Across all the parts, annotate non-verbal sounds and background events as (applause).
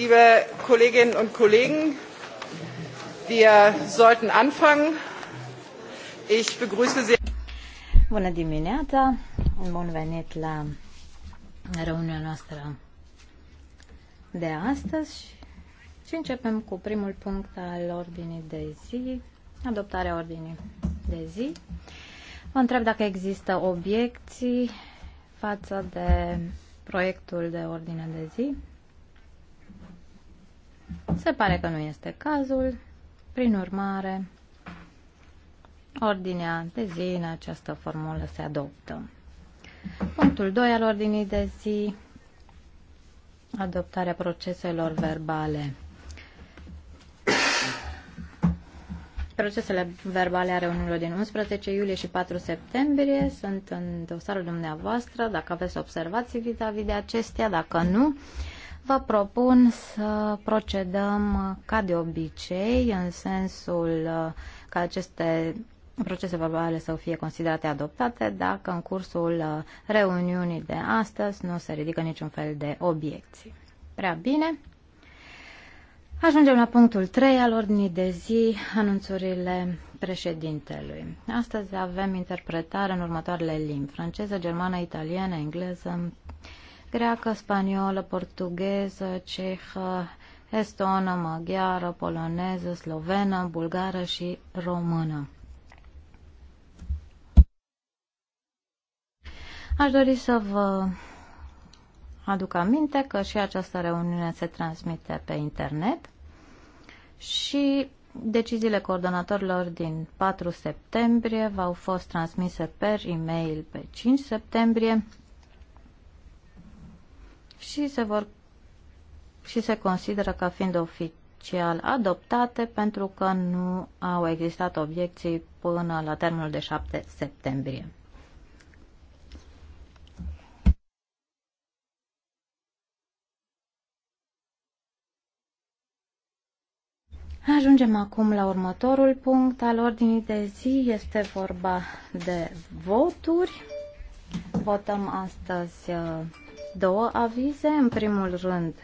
liebe Kolleginnen und Kollegen, wir sollten anfangen. Ich begrüße Sie. Bună dimineața, bun venit la reuniunea noastră de astăzi și începem cu primul punct al ordinii de zi, adoptarea ordinii de zi. Vă întreb dacă există obiecții față de proiectul de ordine de zi. Se pare că nu este cazul. Prin urmare, ordinea de zi în această formulă se adoptă. Punctul 2 al ordinii de zi, adoptarea proceselor verbale. Procesele verbale are unul din 11 iulie și 4 septembrie sunt în dosarul dumneavoastră, dacă aveți observații vis-a-vis de acestea, dacă nu, Vă propun să procedăm ca de obicei, în sensul uh, că aceste procese verbale să fie considerate adoptate dacă în cursul uh, reuniunii de astăzi nu se ridică niciun fel de obiecții. Prea bine. Ajungem la punctul 3 al ordinii de zi, anunțurile președintelui. Astăzi avem interpretare în următoarele limbi, franceză, germană, italiană, engleză, greacă, spaniolă, portugheză, cehă, estonă, maghiară, poloneză, slovenă, bulgară și română. Aș dori să vă aduc aminte că și această reuniune se transmite pe internet și deciziile coordonatorilor din 4 septembrie v-au fost transmise per e-mail pe 5 septembrie și se vor și se consideră ca fiind oficial adoptate pentru că nu au existat obiecții până la termenul de 7 septembrie. Ajungem acum la următorul punct al ordinii de zi. Este vorba de voturi. Votăm astăzi uh, două avize. În primul rând,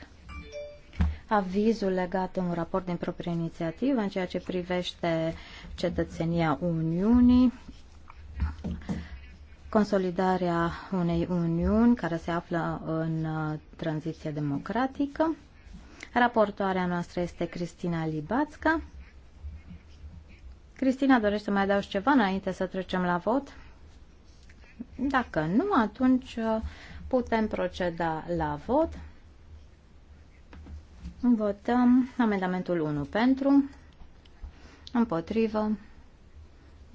avizul legat de un raport din proprie inițiativă în ceea ce privește cetățenia Uniunii, consolidarea unei uniuni care se află în uh, tranziție democratică. Raportoarea noastră este Cristina Libațca. Cristina, dorește să mai adaugi ceva înainte să trecem la vot? Dacă nu, atunci uh, Putem proceda la vot. Votăm amendamentul 1 pentru, împotrivă,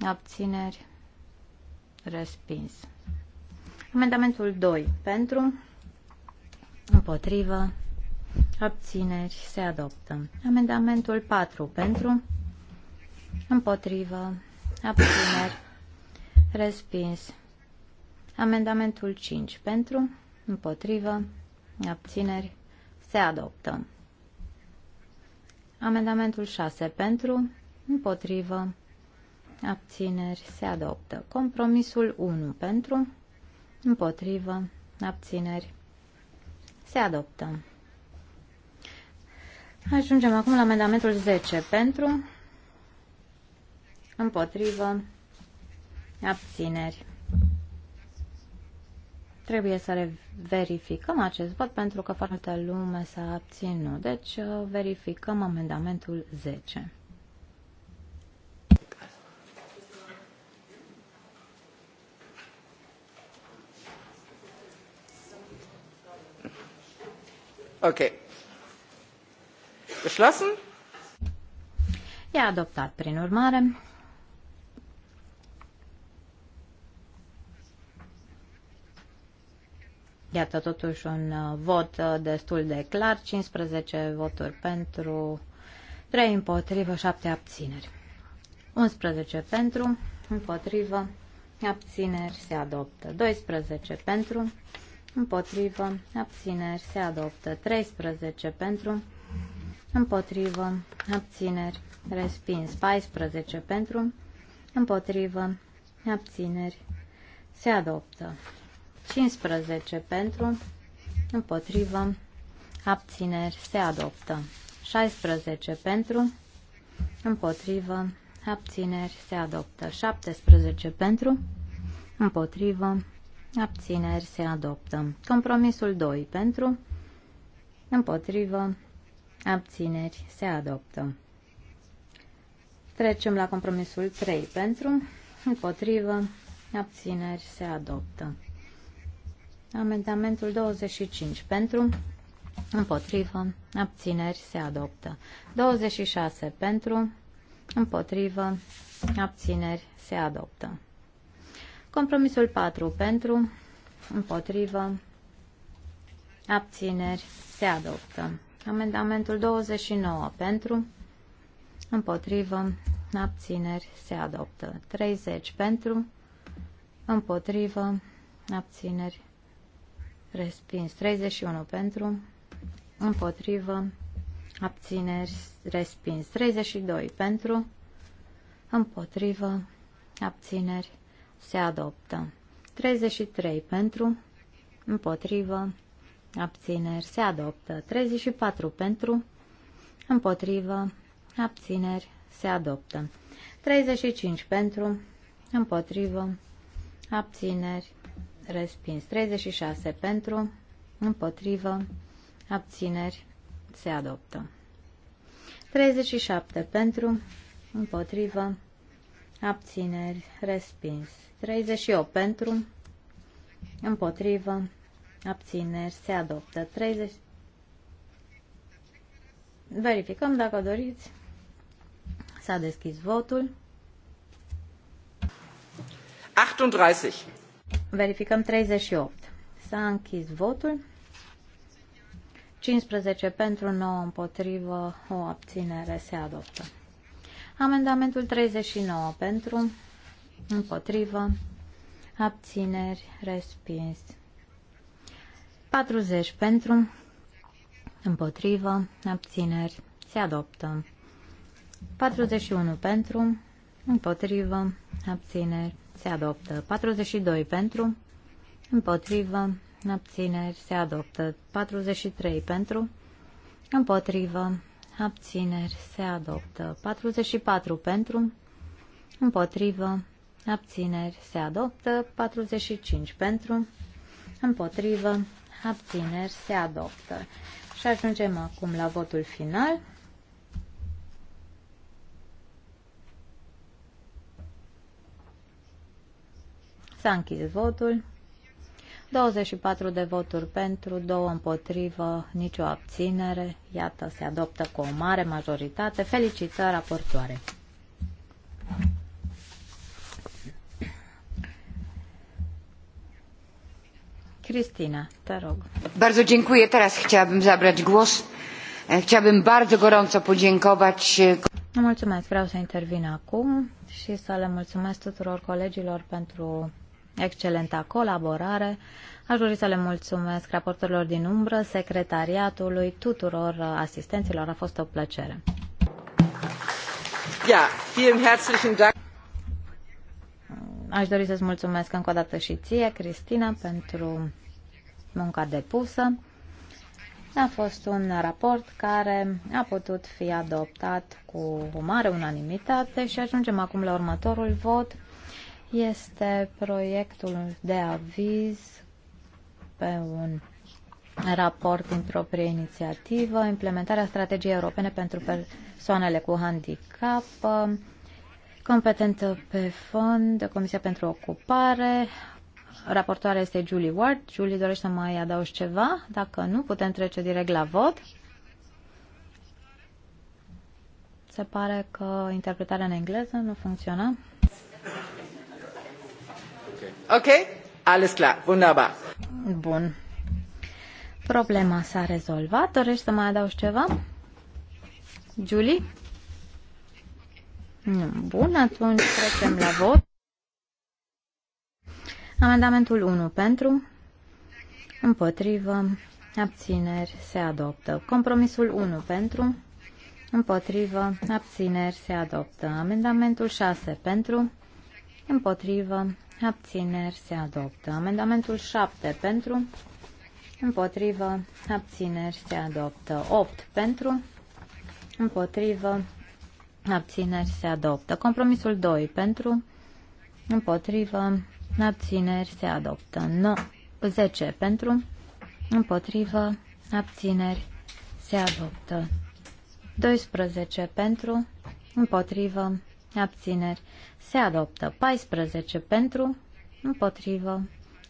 abțineri, respins. Amendamentul 2 pentru, împotrivă, abțineri, se adoptă. Amendamentul 4 pentru, împotrivă, abțineri, respins. Amendamentul 5 pentru, împotrivă, abțineri, se adoptă. Amendamentul 6 pentru, împotrivă, abțineri, se adoptă. Compromisul 1 pentru, împotrivă, abțineri, se adoptă. Ajungem acum la amendamentul 10 pentru, împotrivă, abțineri. Trebuie să verificăm acest vot pentru că foarte multă lume s-a abținut. Deci uh, verificăm amendamentul 10. Ok. Geschlossen? E adoptat, prin urmare. Iată totuși un uh, vot uh, destul de clar, 15 voturi pentru, 3 împotrivă, 7 abțineri. 11 pentru, împotrivă, abțineri se adoptă. 12 pentru, împotrivă, abțineri se adoptă. 13 pentru, împotrivă, abțineri, respins. 14 pentru, împotrivă, abțineri se adoptă. 15 pentru, împotrivă, abțineri, se adoptă. 16 pentru, împotrivă, abțineri, se adoptă. 17 pentru, împotrivă, abțineri, se adoptă. Compromisul 2 pentru, împotrivă, abțineri, se adoptă. Trecem la compromisul 3 pentru, împotrivă, abțineri, se adoptă. Amendamentul 25 pentru, împotrivă, abțineri se adoptă. 26 pentru, împotrivă, abțineri se adoptă. Compromisul 4 pentru, împotrivă, abțineri se adoptă. Amendamentul 29 pentru, împotrivă, abțineri se adoptă. 30 pentru, împotrivă, abțineri respins 31 pentru, împotrivă, abțineri, respins 32 pentru, împotrivă, abțineri, se adoptă 33 pentru, împotrivă, abțineri, se adoptă 34 pentru, împotrivă, abțineri, se adoptă 35 pentru, împotrivă, abțineri, respins. 36 pentru, împotrivă, abțineri, se adoptă. 37 pentru, împotrivă, abțineri, respins. 38 pentru, împotrivă, abțineri, se adoptă. 30... Verificăm dacă doriți. S-a deschis votul. 38. Verificăm 38. S-a închis votul. 15 pentru, 9 împotrivă, o abținere se adoptă. Amendamentul 39 pentru, împotrivă, abțineri, respins. 40 pentru, împotrivă, abțineri, se adoptă. 41 pentru, împotrivă, abțineri, se adoptă. 42 pentru, împotrivă, abțineri, se adoptă. 43 pentru, împotrivă, abțineri, se adoptă. 44 pentru, împotrivă, abțineri, se adoptă. 45 pentru, împotrivă, abțineri, se adoptă. Și ajungem acum la votul final. S-a închis votul. 24 de voturi pentru, 2 împotrivă, nicio abținere. Iată, se adoptă cu o mare majoritate. Felicitări raportoare! Cristina, te rog. Bardzo dziękuję. Teraz chciałabym zabrać głos. Chciałabym bardzo gorąco podziękować. Mulțumesc, vreau să intervin acum și să le mulțumesc tuturor colegilor pentru excelenta colaborare. Aș dori să le mulțumesc raportorilor din umbră, secretariatului, tuturor uh, asistenților. A fost o plăcere. Ja, vielen herzlichen Dank. Aș dori să-ți mulțumesc încă o dată și ție, Cristina, pentru munca depusă. A fost un raport care a putut fi adoptat cu o mare unanimitate și ajungem acum la următorul vot este proiectul de aviz pe un raport din proprie inițiativă, implementarea strategiei europene pentru persoanele cu handicap, competentă pe fond, Comisia pentru Ocupare, raportoarea este Julie Ward. Julie, dorește să mai adaugi ceva? Dacă nu, putem trece direct la vot. Se pare că interpretarea în engleză nu funcționa. Ok? Alles clar, wunderbar. Bun. Problema s-a rezolvat. Dorești să mai adaugi ceva? Julie? Nu. Bun, atunci trecem la vot. Amendamentul 1 pentru, împotrivă, abțineri, se adoptă. Compromisul 1 pentru, împotrivă, abțineri, se adoptă. Amendamentul 6 pentru, împotrivă, abțineri se adoptă. Amendamentul 7 pentru, împotrivă, abțineri se adoptă. 8 pentru, împotrivă, abțineri se adoptă. Compromisul 2 pentru, împotrivă, abțineri se adoptă. 9, 10 pentru, împotrivă, abțineri se adoptă. 12 pentru, împotrivă, abțineri, se adoptă. 14 pentru, împotrivă,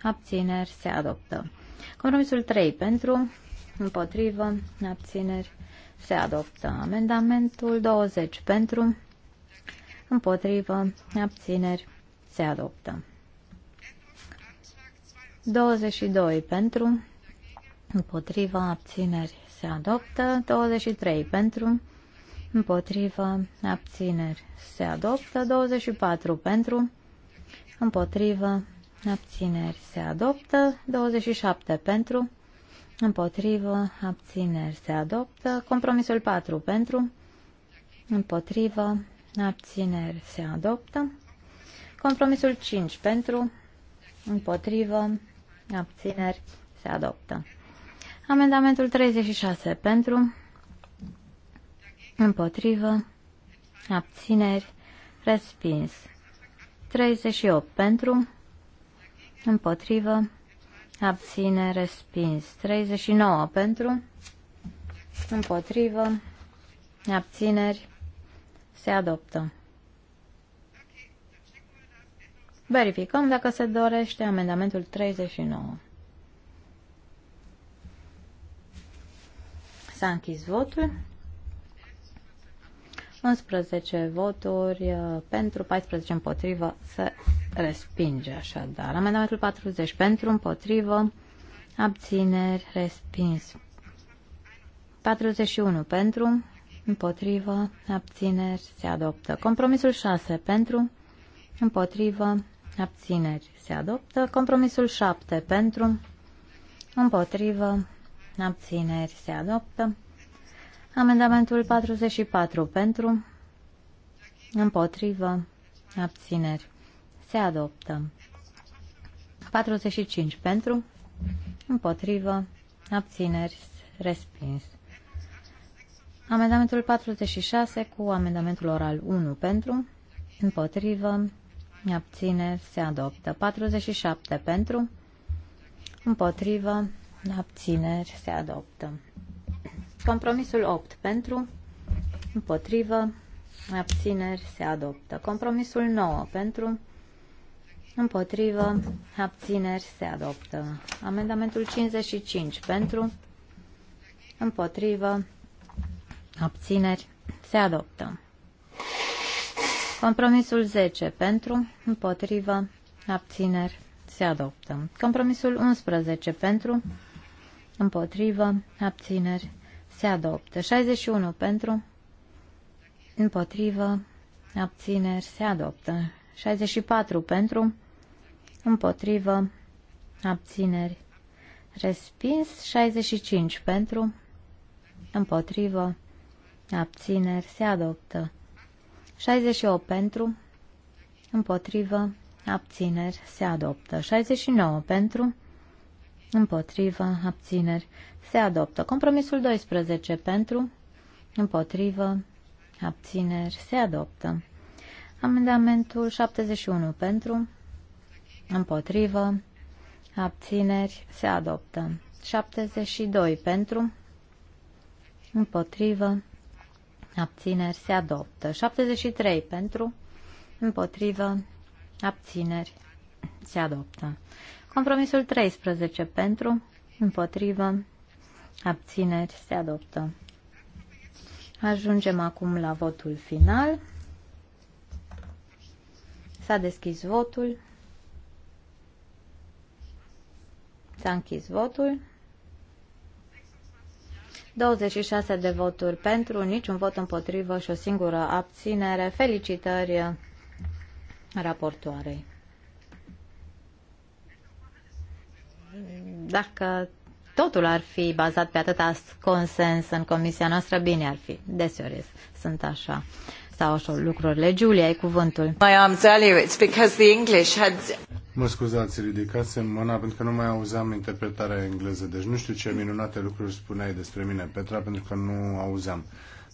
abțineri, se adoptă. Compromisul 3 pentru, împotrivă, abțineri, se adoptă. Amendamentul 20 pentru, împotrivă, abțineri, se adoptă. 22 pentru, împotriva abțineri se adoptă, 23 pentru, împotrivă, abțineri. Se adoptă 24 pentru, împotrivă, abțineri. Se adoptă 27 pentru, împotrivă, abțineri. Se adoptă compromisul 4 pentru, împotrivă, abțineri. Se adoptă compromisul 5 pentru, împotrivă, abțineri. Se adoptă. Amendamentul 36 pentru, împotrivă, abțineri, respins. 38 pentru, împotrivă, abține, respins. 39 pentru, împotrivă, abțineri, se adoptă. Verificăm dacă se dorește amendamentul 39. S-a închis votul. 11 voturi uh, pentru, 14 împotrivă, se respinge așadar. Amendamentul 40 pentru, împotrivă, abțineri, respins. 41 pentru, împotrivă, abțineri, se adoptă. Compromisul 6 pentru, împotrivă, abțineri, se adoptă. Compromisul 7 pentru, împotrivă, abțineri, se adoptă. Amendamentul 44 pentru, împotrivă, abțineri. Se adoptă. 45 pentru, împotrivă, abțineri, respins. Amendamentul 46 cu amendamentul oral 1 pentru, împotrivă, abțineri, se adoptă. 47 pentru, împotrivă, abțineri, se adoptă. Compromisul 8 pentru, împotrivă, abțineri se adoptă. Compromisul 9 pentru, împotrivă, abțineri se adoptă. Amendamentul 55 pentru, împotrivă, abțineri se adoptă. Compromisul 10 pentru, împotrivă, abțineri se adoptă. Compromisul 11 pentru, împotrivă, abțineri se adoptă. 61 pentru, împotrivă, abțineri, se adoptă. 64 pentru, împotrivă, abțineri, respins. 65 pentru, împotrivă, abțineri, se adoptă. 68 pentru, împotrivă, abțineri, se adoptă. 69 pentru, împotrivă, abțineri, se adoptă. Compromisul 12 pentru, împotrivă, abțineri, se adoptă. Amendamentul 71 pentru, împotrivă, abțineri, se adoptă. 72 pentru, împotrivă, abțineri, se adoptă. 73 pentru, împotrivă, abțineri, se adoptă. Compromisul 13 pentru, împotrivă, abțineri, se adoptă. Ajungem acum la votul final. S-a deschis votul. S-a închis votul. 26 de voturi pentru, niciun vot împotrivă și o singură abținere. Felicitări raportoarei. dacă totul ar fi bazat pe atâta consens în comisia noastră, bine ar fi. Deseori sunt așa. Sau așa lucrurile. Julia, ai cuvântul. My arms earlier, it's because the English had... Mă scuzați, în mâna pentru că nu mai auzeam interpretarea engleză. Deci nu știu ce minunate lucruri spuneai despre mine, Petra, pentru că nu auzeam.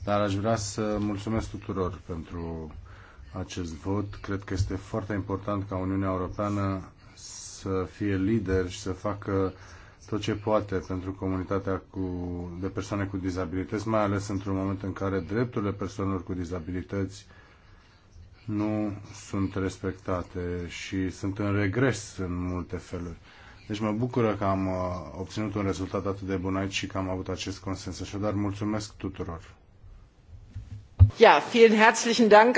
Dar aș vrea să mulțumesc tuturor pentru acest vot. Cred că este foarte important ca Uniunea Europeană să fie lider și să facă tot ce poate pentru comunitatea cu, de persoane cu dizabilități, mai ales într-un moment în care drepturile persoanelor cu dizabilități nu sunt respectate și sunt în regres în multe feluri. Deci mă bucură că am uh, obținut un rezultat atât de bun aici și că am avut acest consens. Așadar, mulțumesc tuturor. Ja, vielen herzlichen Dank.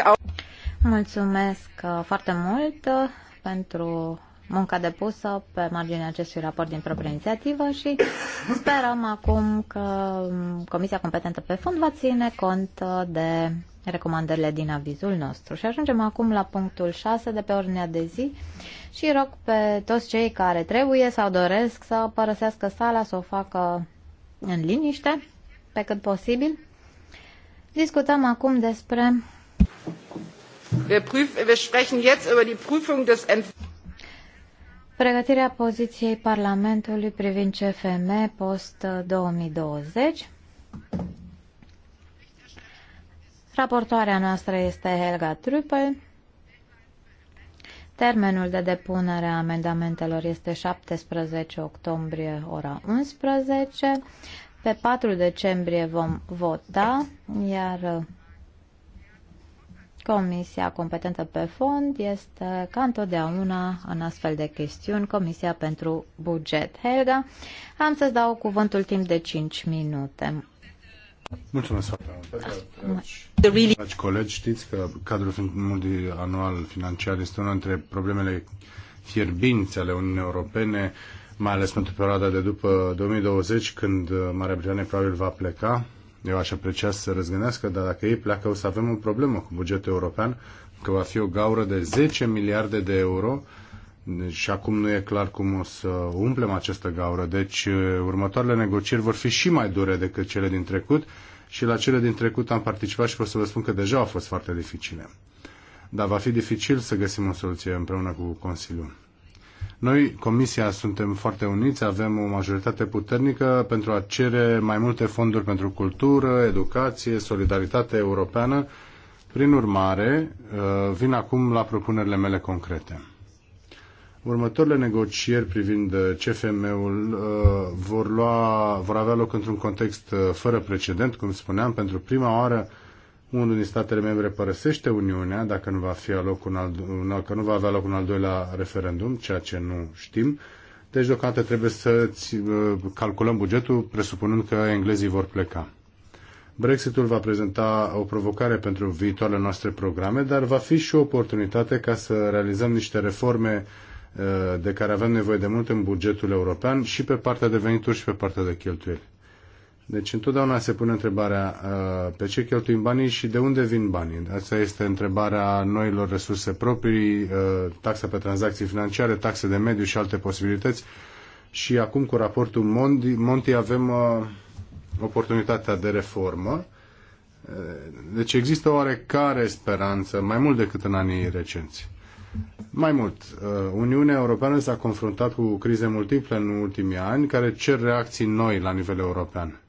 Mulțumesc uh, foarte mult uh, pentru munca depusă pe marginea acestui raport din proprie inițiativă și sperăm acum că Comisia competentă pe fond va ține cont de recomandările din avizul nostru. Și ajungem acum la punctul 6 de pe ordinea de zi și rog pe toți cei care trebuie sau doresc să părăsească sala, să o facă în liniște, pe cât posibil. Discutăm acum despre... Wir, prüf, wir sprechen jetzt über die Prüfung des Pregătirea poziției Parlamentului privind CFM post-2020. Raportoarea noastră este Helga Trupel. Termenul de depunere a amendamentelor este 17 octombrie, ora 11. Pe 4 decembrie vom vota, iar Comisia competentă pe fond este, ca întotdeauna, în astfel de chestiuni, Comisia pentru Buget. Helga, am să-ți dau cuvântul timp de 5 minute. Mulțumesc foarte mult. Dragi, really. colegi, știți că cadrul multianual financiar este una dintre problemele fierbinți ale Uniunii Europene, mai ales pentru perioada de după 2020, când Marea Britanie probabil va pleca eu aș aprecia să se răzgândească, dar dacă ei pleacă o să avem o problemă cu bugetul european, că va fi o gaură de 10 miliarde de euro și deci, acum nu e clar cum o să umplem această gaură. Deci următoarele negocieri vor fi și mai dure decât cele din trecut și la cele din trecut am participat și pot să vă spun că deja au fost foarte dificile. Dar va fi dificil să găsim o soluție împreună cu Consiliul. Noi, Comisia, suntem foarte uniți, avem o majoritate puternică pentru a cere mai multe fonduri pentru cultură, educație, solidaritate europeană. Prin urmare, uh, vin acum la propunerile mele concrete. Următoarele negocieri privind CFM-ul uh, vor, lua, vor avea loc într-un context uh, fără precedent, cum spuneam, pentru prima oară unul din statele membre părăsește Uniunea dacă nu va, fi loc un al, dacă nu va avea loc un al doilea referendum, ceea ce nu știm. Deci deocamdată trebuie să uh, calculăm bugetul presupunând că englezii vor pleca. Brexitul va prezenta o provocare pentru viitoarele noastre programe, dar va fi și o oportunitate ca să realizăm niște reforme uh, de care avem nevoie de mult în bugetul european și pe partea de venituri și pe partea de cheltuieli. Deci întotdeauna se pune întrebarea uh, pe ce cheltuim banii și de unde vin banii. Asta este întrebarea noilor resurse proprii, uh, taxa pe tranzacții financiare, taxe de mediu și alte posibilități. Și acum cu raportul Monti, Monti avem uh, oportunitatea de reformă. Deci există oarecare speranță, mai mult decât în anii recenți. Mai mult, Uniunea Europeană s-a confruntat cu crize multiple în ultimii ani care cer reacții noi la nivel european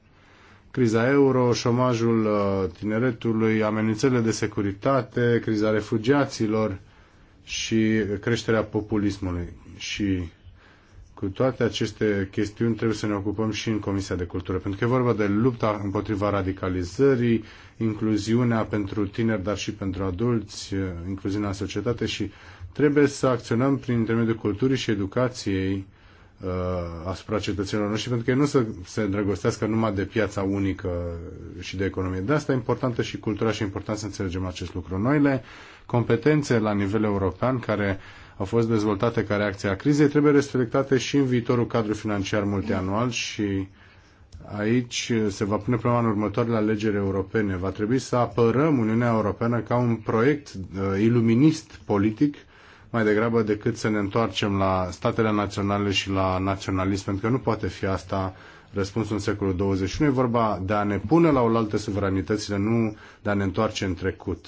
criza euro, șomajul uh, tineretului, amenințările de securitate, criza refugiaților și creșterea populismului. Și cu toate aceste chestiuni trebuie să ne ocupăm și în Comisia de Cultură, pentru că e vorba de lupta împotriva radicalizării, incluziunea pentru tineri, dar și pentru adulți, uh, incluziunea în societate și trebuie să acționăm prin intermediul culturii și educației uh, asupra cetățenilor noștri, pentru că ei nu se, se îndrăgostească numai de piața unică și de economie. De asta e importantă și cultura și e important să înțelegem acest lucru. Noile competențe la nivel european care au fost dezvoltate ca reacție a crizei trebuie respectate și în viitorul cadru financiar multianual și aici se va pune problema în următoarele alegeri europene. Va trebui să apărăm Uniunea Europeană ca un proiect uh, iluminist politic uh, mai degrabă decât să ne întoarcem la statele naționale și la naționalism, pentru că nu poate fi asta răspunsul în secolul 21. E vorba de a ne pune la oaltă suveranitățile, nu de a ne întoarce în trecut.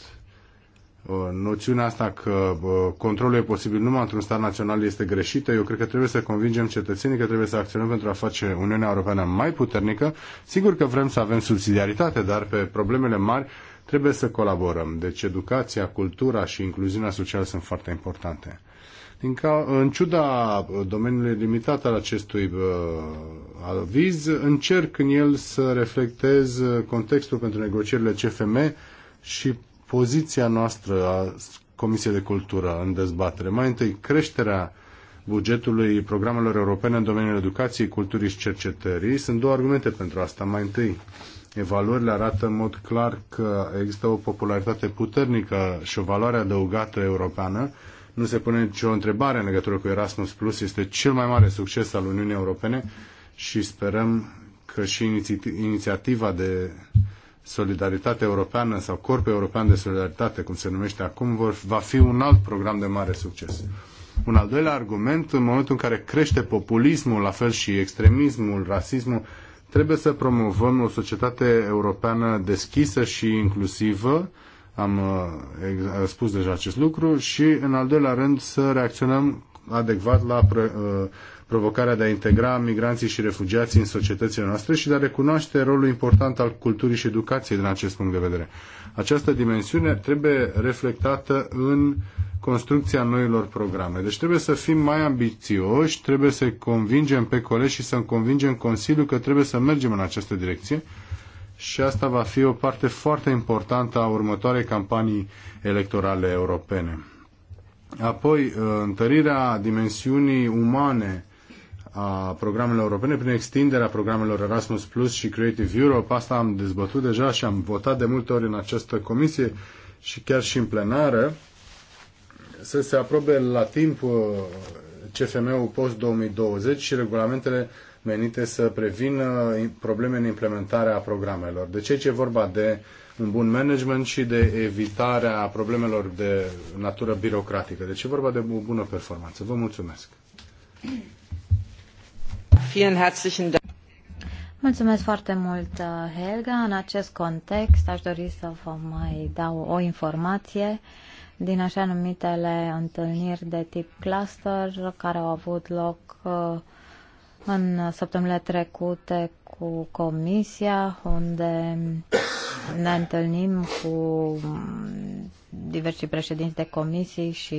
Uh, noțiunea asta că uh, controlul e posibil numai într-un stat național este greșită. Eu cred că trebuie să convingem cetățenii că trebuie să acționăm pentru a face Uniunea Europeană mai puternică. Sigur că vrem să avem subsidiaritate, dar pe problemele mari Trebuie să colaborăm. Deci educația, cultura și incluziunea socială sunt foarte importante. Din ca, în ciuda domeniului limitat al acestui uh, aviz, încerc în el să reflectez contextul pentru negocierile CFM și poziția noastră a Comisiei de Cultură în dezbatere. Mai întâi, creșterea bugetului programelor europene în domeniul educației, culturii și cercetării. Sunt două argumente pentru asta. Mai întâi, uh, Evaluările arată în mod clar că există o popularitate puternică și o valoare adăugată europeană. Nu se pune nicio întrebare în legătură cu Erasmus Plus. Este cel mai mare succes al Uniunii Europene și sperăm că și inițiativa de solidaritate europeană sau Corpul European de Solidaritate, cum se numește acum, vor, va fi un alt program de mare succes. Un al doilea argument, în momentul în care crește populismul, la fel și extremismul, rasismul, Trebuie să promovăm o societate europeană deschisă și inclusivă, am uh, spus deja acest lucru, și în al doilea rând să reacționăm adecvat la uh, provocarea de a integra migranții și refugiații în societățile noastre și de a recunoaște rolul important al culturii și educației din acest punct de vedere. Această dimensiune trebuie reflectată în construcția noilor programe. Deci trebuie să fim mai ambițioși, trebuie să convingem pe colegi și să convingem Consiliul că trebuie să mergem în această direcție și asta va fi o parte foarte importantă a următoarei campanii electorale europene. Apoi, uh, întărirea dimensiunii umane a programelor europene prin extinderea programelor Erasmus Plus și Creative Europe. Asta am dezbătut deja și am votat de multe ori în această comisie și chiar și în plenară să se aprobe la timp uh, CFM-ul post-2020 și regulamentele menite să prevină probleme în implementarea programelor. Deci ce e vorba de un bun management și de evitarea problemelor de natură birocratică. Deci e vorba de o bună performanță. Vă mulțumesc! Mulțumesc foarte mult, uh, Helga. În acest context aș dori să vă mai dau o informație din așa numitele întâlniri de tip cluster care au avut loc uh, în săptămânile trecute cu Comisia, unde ne întâlnim cu diversi președinți de comisii și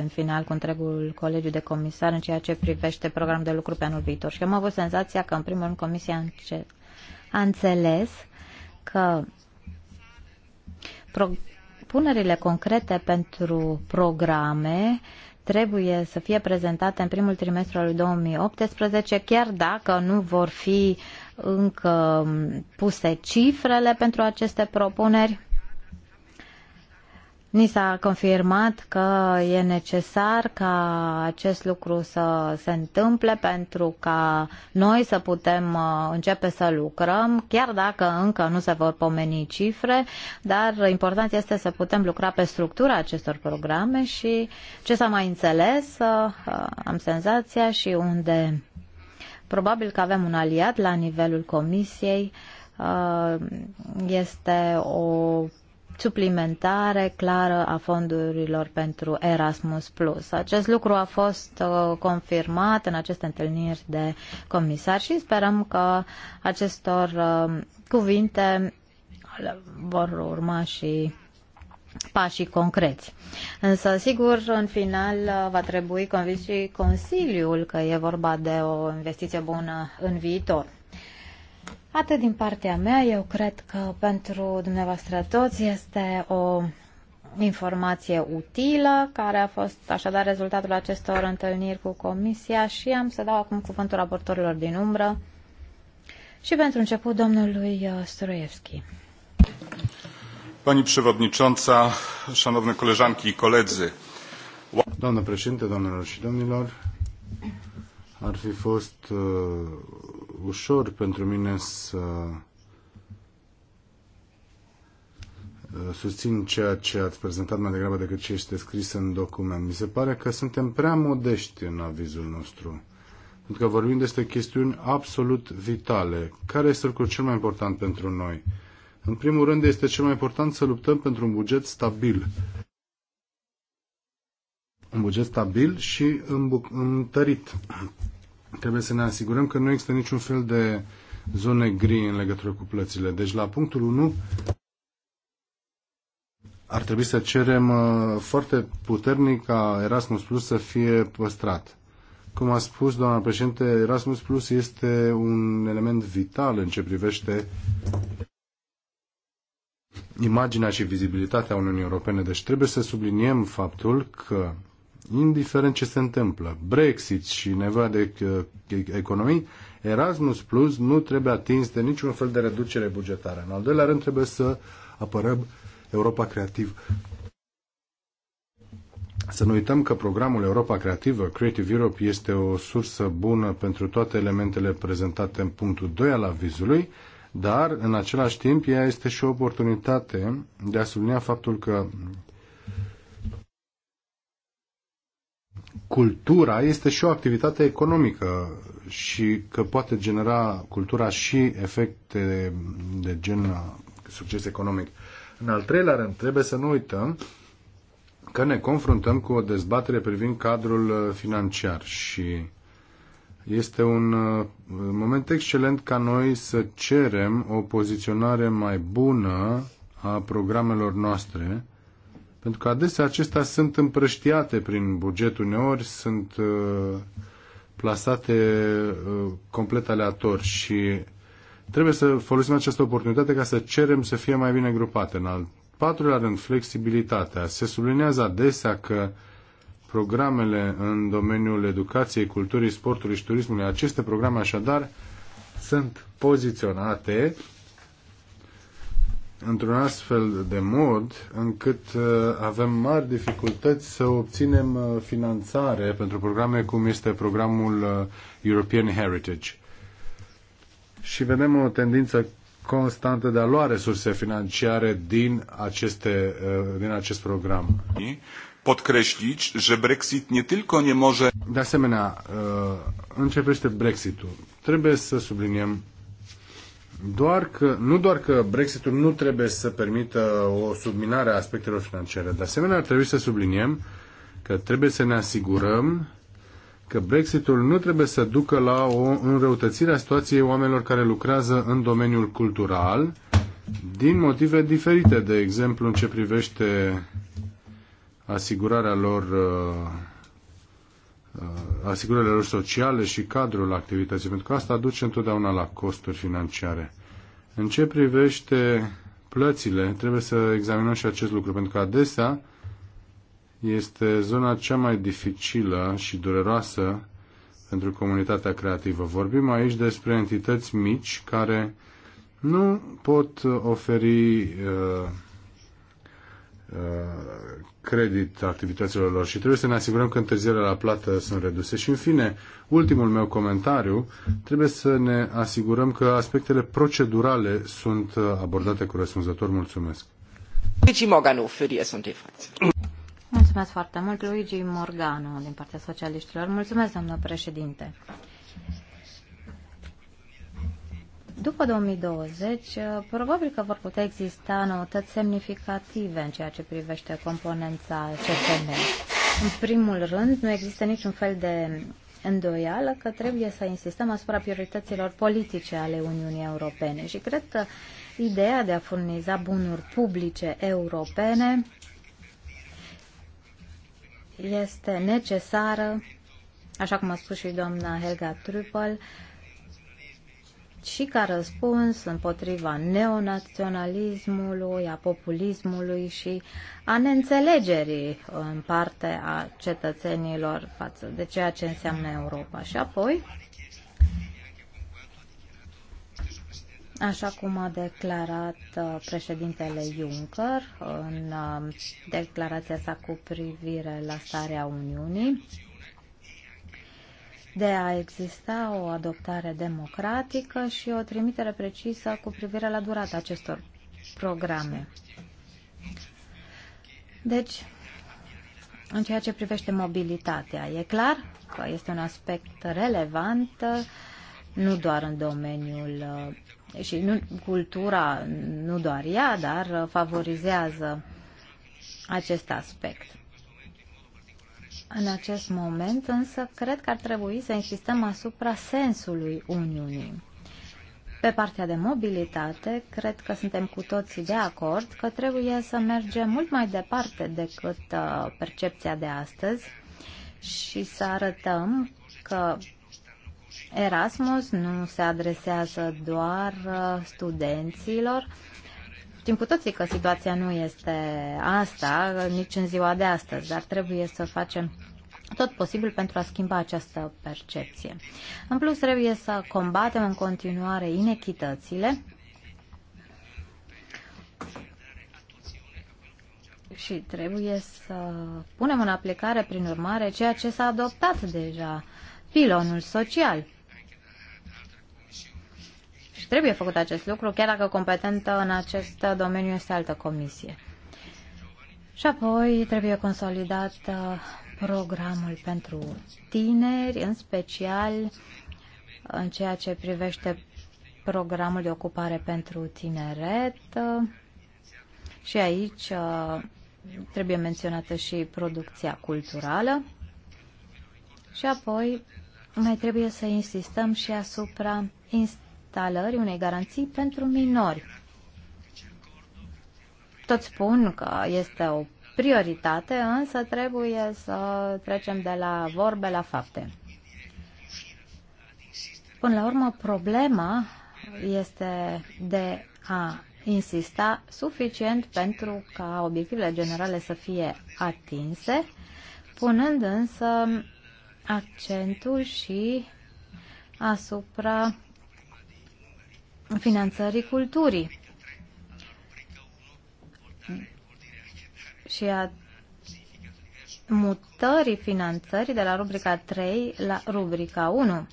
în final cu întregul colegiu de comisar în ceea ce privește programul de lucru pe anul viitor. Și am avut senzația că în primul rând comisia a înțeles că propunerile concrete pentru programe trebuie să fie prezentate în primul trimestru al 2018, chiar dacă nu vor fi încă puse cifrele pentru aceste propuneri Ni s-a confirmat că e necesar ca acest lucru să se întâmple pentru ca noi să putem uh, începe să lucrăm, chiar dacă încă nu se vor pomeni cifre, dar important este să putem lucra pe structura acestor programe și ce s-a mai înțeles, uh, uh, am senzația și unde probabil că avem un aliat la nivelul Comisiei, este o suplimentare clară a fondurilor pentru Erasmus+. Acest lucru a fost uh, confirmat în aceste întâlniri de comisar și sperăm că acestor uh, cuvinte vor urma și pașii concreți. Însă, sigur, în final uh, va trebui convins și Consiliul că e vorba de o investiție bună în viitor. Atât din partea mea, eu cred că pentru dumneavoastră toți este o informație utilă, care a fost așadar rezultatul acestor întâlniri cu Comisia și am să dau acum cuvântul raportorilor din umbră și pentru început domnului uh, Struievski. Pani Przewodnicząca, Szanowne Koleżanki i Koledzy. Domnul președinte, domnilor și domnilor, ar fi fost uh, ușor pentru mine să uh, susțin ceea ce ați prezentat mai degrabă decât ce este scris în document. Mi se pare că suntem prea modești în avizul nostru. Pentru că vorbim despre chestiuni absolut vitale. Care este lucrul cel mai important pentru noi? În primul rând, este cel mai important să luptăm pentru un buget stabil. Un buget stabil și întărit. Trebuie să ne asigurăm că nu există niciun fel de zone gri în legătură cu plățile. Deci la punctul 1 ar trebui să cerem uh, foarte puternic ca Erasmus Plus să fie păstrat. Cum a spus doamna președinte, Erasmus Plus este un element vital în ce privește imaginea și vizibilitatea Uniunii Europene. Deci trebuie să subliniem faptul că indiferent ce se întâmplă, Brexit și nevoia uh, de economii, Erasmus Plus nu trebuie atins de niciun fel de reducere bugetară. În al doilea rând trebuie să apărăm Europa Creativ. Să nu uităm că programul Europa Creativă, Creative Europe, este o sursă bună pentru toate elementele prezentate în punctul 2 al avizului, dar în același timp ea este și o oportunitate de a sublinia faptul că cultura este și o activitate economică și că poate genera cultura și efecte de gen succes economic. În al treilea rând, trebuie să nu uităm că ne confruntăm cu o dezbatere privind cadrul uh, financiar și este un uh, moment excelent ca noi să cerem o poziționare mai bună a programelor noastre pentru că adesea acestea sunt împrăștiate prin buget uneori, sunt uh, plasate uh, complet aleator și trebuie să folosim această oportunitate ca să cerem să fie mai bine grupate. În al patrulea rând, flexibilitatea. Se sublinează adesea că programele în domeniul educației, culturii, sportului și turismului, aceste programe așadar sunt poziționate într-un astfel de mod încât uh, avem mari dificultăți să obținem uh, finanțare pentru programe cum este programul uh, European Heritage. Și vedem o tendință constantă de a lua resurse financiare din, aceste, din acest program. Podkreślić, że Brexit nie tylko nie może... De asemenea, începește Brexitul. Trebuie să subliniem doar că, nu doar că Brexitul nu trebuie să permită o subminare a aspectelor financiare, de asemenea ar trebui să subliniem că trebuie să ne asigurăm că Brexitul nu trebuie să ducă la o înrăutățire a situației oamenilor care lucrează în domeniul cultural din motive diferite, de exemplu în ce privește asigurarea lor uh, Uh, asigurările lor sociale și cadrul activității, pentru că asta duce întotdeauna la costuri financiare. În ce privește plățile, trebuie să examinăm și acest lucru, pentru că adesea este zona cea mai dificilă și dureroasă pentru comunitatea creativă. Vorbim aici despre entități mici care nu pot oferi uh, Uh, credit activităților lor și trebuie să ne asigurăm că întârzierile la plată sunt reduse. Și în fine, ultimul meu comentariu, trebuie să ne asigurăm că aspectele procedurale sunt uh, abordate cu răspunzător. Mulțumesc. Luigi Morgano, Furie sunt Mulțumesc foarte mult, Luigi Morgano, din partea socialiștilor. Mulțumesc, doamnă președinte. După 2020, uh, probabil că vor putea exista noutăți semnificative în ceea ce privește componența CFM. În primul rând, nu există niciun fel de îndoială că trebuie să insistăm asupra priorităților politice ale Uniunii Europene și cred că ideea de a furniza bunuri publice europene este necesară, așa cum a spus și doamna Helga Trüppel, și ca răspuns împotriva neonaționalismului, a populismului și a neînțelegerii în parte a cetățenilor față de ceea ce înseamnă Europa. Și apoi, așa cum a declarat uh, președintele Juncker în uh, declarația sa cu privire la starea Uniunii, de a exista o adoptare democratică și o trimitere precisă cu privire la durata acestor programe. Deci, în ceea ce privește mobilitatea, e clar că este un aspect relevant nu doar în domeniul și nu, cultura, nu doar ea, dar favorizează acest aspect în acest moment, însă cred că ar trebui să insistăm asupra sensului Uniunii. Pe partea de mobilitate, cred că suntem cu toții de acord că trebuie să mergem mult mai departe decât uh, percepția de astăzi și să arătăm că Erasmus nu se adresează doar uh, studenților, Știm cu toții că situația nu este asta, nici în ziua de astăzi, dar trebuie să facem tot posibil pentru a schimba această percepție. În plus, trebuie să combatem în continuare inechitățile și trebuie să punem în aplicare, prin urmare, ceea ce s-a adoptat deja, pilonul social trebuie făcut acest lucru, chiar dacă competentă în acest domeniu este altă comisie. Și apoi trebuie consolidat uh, programul pentru tineri, în special în ceea ce privește programul de ocupare pentru tineret. Uh, și aici uh, trebuie menționată și producția culturală. Și apoi mai trebuie să insistăm și asupra inst instalării unei garanții pentru minori. Toți spun că este o prioritate, însă trebuie să trecem de la vorbe la fapte. Până la urmă, problema este de a insista suficient pentru ca obiectivele generale să fie atinse, punând însă accentul și asupra finanțării culturii. Și a mutării finanțării de la rubrica 3 la rubrica 1.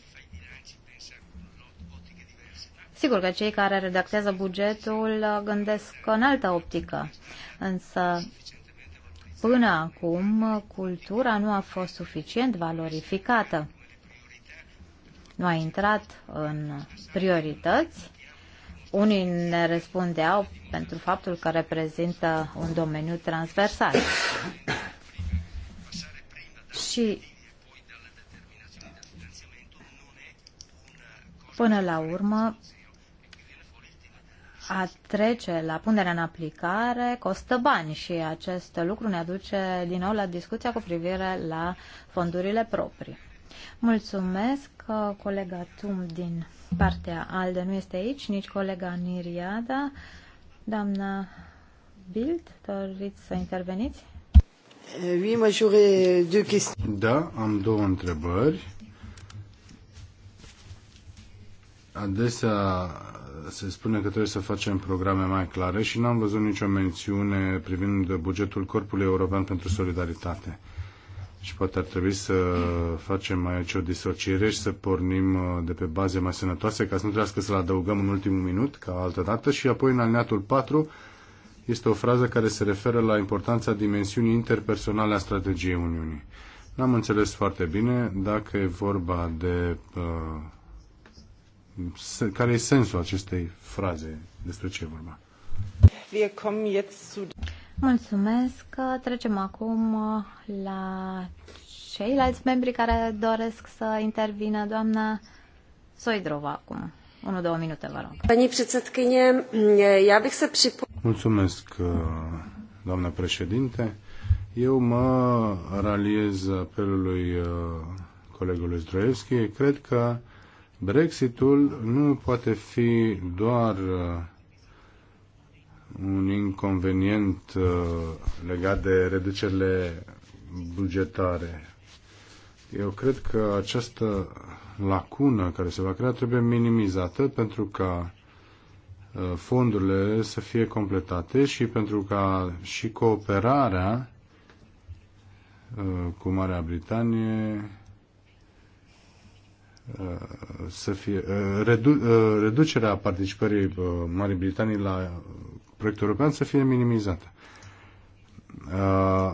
Sigur că cei care redactează bugetul uh, gândesc în altă optică, însă până acum cultura nu a fost suficient valorificată. Nu a intrat în priorități unii ne răspundeau pentru faptul că reprezintă un domeniu transversal. Și până la urmă a trece la punerea în aplicare costă bani și acest lucru ne aduce din nou la discuția cu privire la fondurile proprii. Mulțumesc, colega Tum din partea ALDE nu este aici, nici colega Niriada. Doamna Bild, doriți să interveniți? Eh, da, am două întrebări. Adesea se spune că trebuie să facem programe mai clare și n-am văzut nicio mențiune privind bugetul Corpului European pentru Solidaritate și poate ar trebui să facem aici o disociere și să pornim uh, de pe baze mai sănătoase ca să nu trească să-l adăugăm în ultimul minut, ca altă dată, și apoi în alineatul 4 este o frază care se referă la importanța dimensiunii interpersonale a strategiei Uniunii. N-am înțeles foarte bine dacă e vorba de... Uh, care e sensul acestei fraze, despre ce e vorba. Mulțumesc. Trecem acum uh, la ceilalți membri care doresc să intervină. Doamna Soidrova acum. 1-2 minute, vă rog. Pani předsedkyně, já bych se Mulțumesc, uh, doamna președinte. Eu mă raliez apelului uh, colegului Zdroevski. Cred că Brexitul nu poate fi doar un inconvenient uh, legat de reducerile bugetare. Eu cred că această lacună care se va crea trebuie minimizată pentru ca uh, fondurile să fie completate și pentru ca și cooperarea uh, cu Marea Britanie să fie redu, reducerea participării Marii Britanii la proiectul european să fie minimizată. Uh,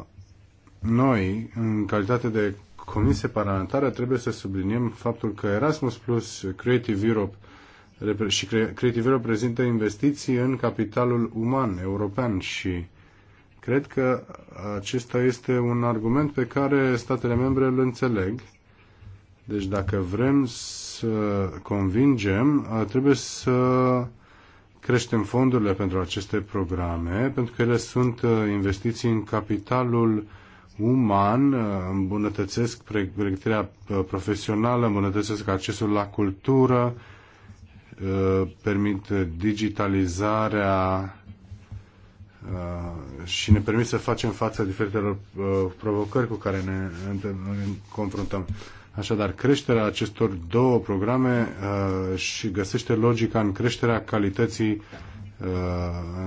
noi, în calitate de comisie parlamentară, trebuie să subliniem faptul că Erasmus Plus, Creative Europe și Creative Europe prezintă investiții în capitalul uman european și cred că acesta este un argument pe care statele membre îl înțeleg. Deci dacă vrem să convingem, trebuie să creștem fondurile pentru aceste programe, pentru că ele sunt uh, investiții în capitalul uman, uh, îmbunătățesc pregătirea uh, profesională, îmbunătățesc accesul la cultură, permit digitalizarea și ne permit să facem față diferitelor provocări cu care ne confruntăm. Așadar, creșterea acestor două programe uh, și găsește logica în creșterea calității uh,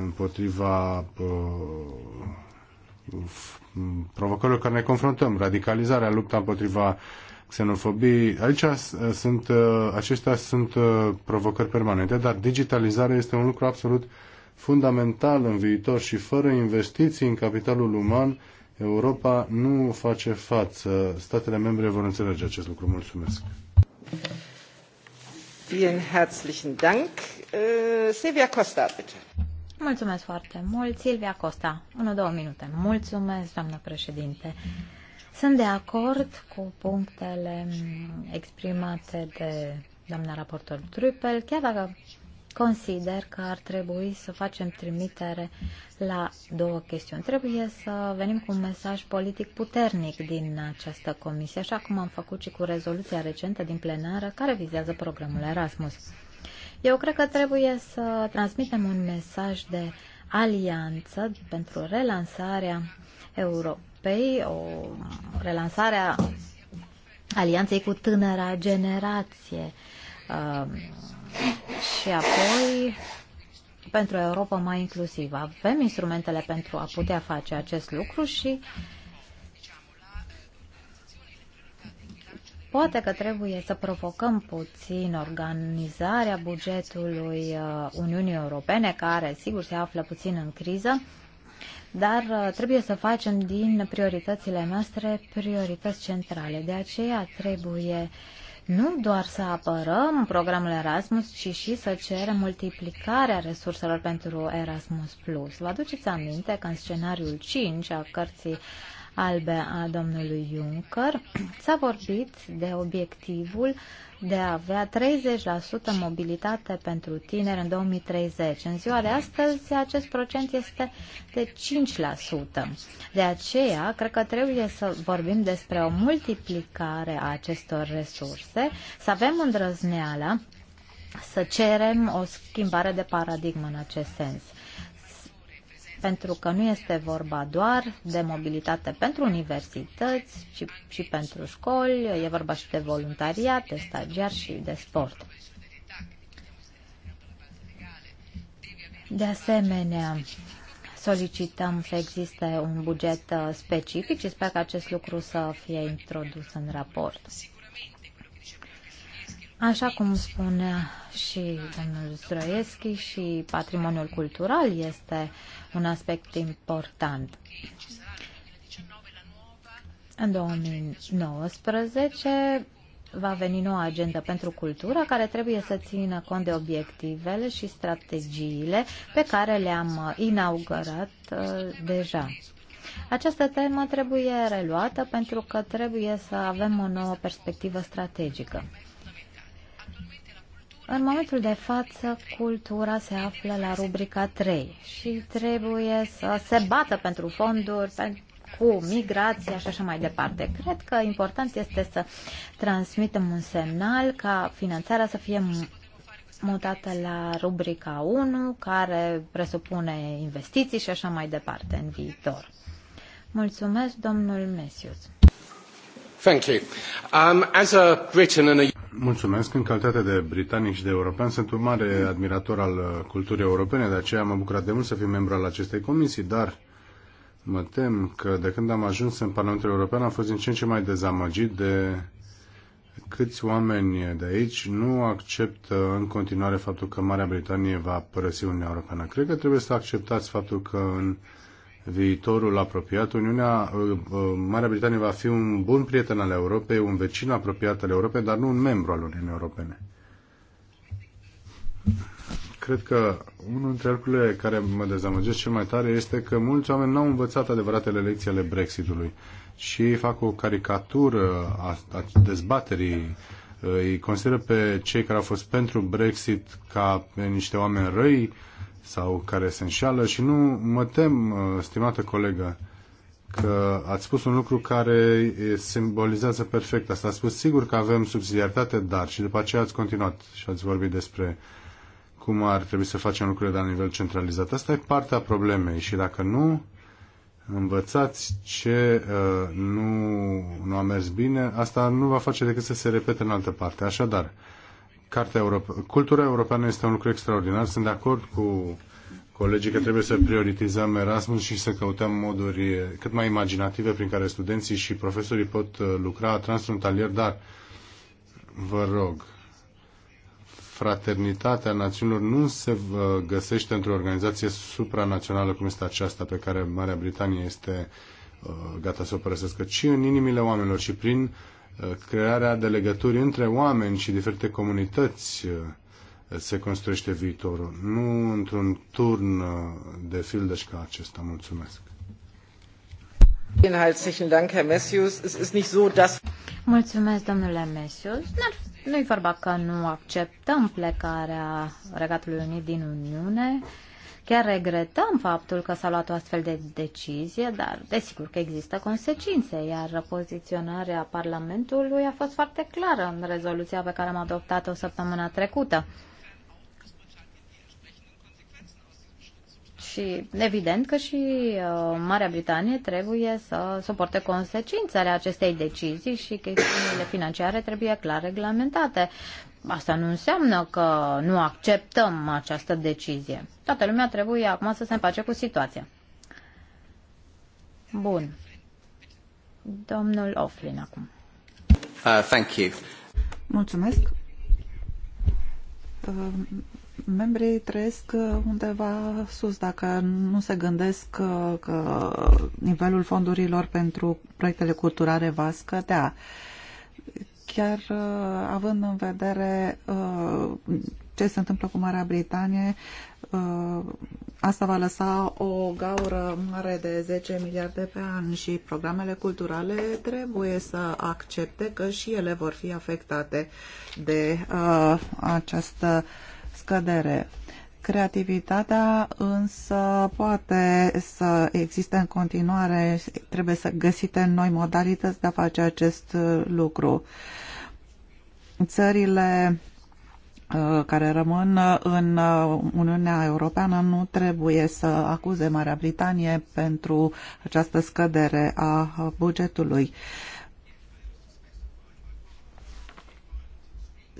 împotriva uh, provocărilor care ne confruntăm, radicalizarea, lupta împotriva xenofobiei. Aici uh, sunt, uh, acestea sunt uh, provocări permanente, dar digitalizarea este un lucru absolut fundamental în viitor și fără investiții în capitalul uman, uh, Europa nu face față. Statele membre vor înțelege acest lucru. Mulțumesc. Vielen herzlichen Dank. Äh, Silvia Costa, bitte. Mulțumesc foarte mult, Silvia Costa. 1-2 minute. Mulțumesc, doamnă președinte. Sunt de acord cu punctele exprimate de doamna raportor Trupel, chiar dacă consider că ar trebui să facem trimitere la două chestiuni. Trebuie să venim cu un mesaj politic puternic din această comisie, așa cum am făcut și cu rezoluția recentă din plenară care vizează programul Erasmus. Eu cred că trebuie să transmitem un mesaj de alianță pentru relansarea Europei, o relansare a alianței cu tânăra generație um, și apoi pentru o Europa mai inclusivă. Avem instrumentele pentru a putea face acest lucru și poate că trebuie să provocăm puțin organizarea bugetului uh, Uniunii Europene, care sigur se află puțin în criză, dar uh, trebuie să facem din prioritățile noastre priorități centrale. De aceea trebuie uh, nu doar să apărăm programul Erasmus, ci și să cerem multiplicarea resurselor pentru Erasmus+. Vă aduceți aminte că în scenariul 5 a cărții albe a domnului Juncker, s-a vorbit de obiectivul de a avea 30% mobilitate pentru tineri în 2030. În ziua de astăzi, acest procent este de 5%. De aceea, cred că trebuie să vorbim despre o multiplicare a acestor resurse, să avem îndrăzneala să cerem o schimbare de paradigmă în acest sens pentru că nu este vorba doar de mobilitate pentru universități, ci și pentru școli, e vorba și de voluntariat, de stagiar și de sport. De asemenea, solicităm să existe un buget specific și sper că acest lucru să fie introdus în raport. Așa cum spunea și domnul Zdroieschi, și patrimoniul cultural este un aspect important. În 2019 va veni noua agendă pentru cultură care trebuie să țină cont de obiectivele și strategiile pe care le-am inaugurat uh, deja. Această temă trebuie reluată pentru că trebuie să avem o nouă perspectivă strategică. În momentul de față, cultura se află la rubrica 3 și trebuie să se bată pentru fonduri, cu migrația și așa mai departe. Cred că important este să transmitem un semnal ca finanțarea să fie mutată la rubrica 1, care presupune investiții și așa mai departe în viitor. Mulțumesc, domnul Mesius. Thank you. Um, as a Britain and a Mulțumesc. În calitate de britanic și de european, sunt un mare admirator al culturii europene, de aceea m-am bucurat de mult să fiu membru al acestei comisii, dar mă tem că de când am ajuns în Parlamentul European am fost din ce în ce mai dezamăgit de câți oameni de aici nu acceptă în continuare faptul că Marea Britanie va părăsi Uniunea Europeană. Cred că trebuie să acceptați faptul că în viitorul apropiat, Uniunea, uh, uh, Marea Britanie va fi un bun prieten al Europei, un vecin apropiat al Europei, dar nu un membru al Uniunii Europene. Cred că unul dintre lucrurile care mă dezamăgesc cel mai tare este că mulți oameni n-au învățat adevăratele lecții ale Brexitului și fac o caricatură a, a dezbaterii îi consideră pe cei care au fost pentru Brexit ca pe niște oameni răi, sau care se înșeală și nu mă tem, uh, stimată colegă, că ați spus un lucru care simbolizează perfect asta. Ați spus sigur că avem subsidiaritate, dar și după aceea ați continuat și ați vorbit despre cum ar trebui să facem lucrurile la nivel centralizat. Asta e partea problemei și dacă nu învățați ce uh, nu, nu a mers bine, asta nu va face decât să se repete în altă parte. Așadar, uh, Cartea Europe... Cultura europeană este un lucru extraordinar. Sunt de acord cu colegii că trebuie să prioritizăm Erasmus și să căutăm moduri cât mai imaginative prin care studenții și profesorii pot uh, lucra transfrontalier, dar vă rog, fraternitatea națiunilor nu se uh, găsește într-o organizație supranațională cum este aceasta pe care Marea Britanie este uh, gata să o părăsească, ci în inimile oamenilor și prin crearea de legături între oameni și diferite comunități uh, se construiește viitorul, nu într-un turn uh, de fildeș ca acesta. Mulțumesc! Mulțumesc, domnule Messius. Nu-i vorba că nu acceptăm plecarea Regatului Unit din Uniune, Chiar regretăm faptul că s-a luat o astfel de decizie, dar desigur că există consecințe, iar poziționarea Parlamentului a fost foarte clară în rezoluția pe care am adoptat-o săptămâna trecută. Și evident că și uh, Marea Britanie trebuie să suporte consecințele acestei decizii și chestiunile financiare trebuie clar reglementate. Asta nu înseamnă că nu acceptăm această decizie. Toată lumea trebuie acum să se împace cu situația. Bun. Domnul Oflin acum. Uh, thank you. Mulțumesc. Uh, membrii trăiesc uh, undeva sus, dacă nu se gândesc că, uh, că nivelul fondurilor pentru proiectele culturale va scădea chiar uh, având în vedere uh, ce se întâmplă cu Marea Britanie, uh, asta va lăsa o gaură mare de 10 miliarde pe an și programele culturale trebuie să accepte că și ele vor fi afectate de această scădere. Creativitatea însă poate să existe în continuare, trebuie să găsite noi modalități de a face acest uh, lucru. Țările uh, care rămân în uh, Uniunea Europeană nu trebuie să acuze Marea Britanie pentru această scădere a bugetului.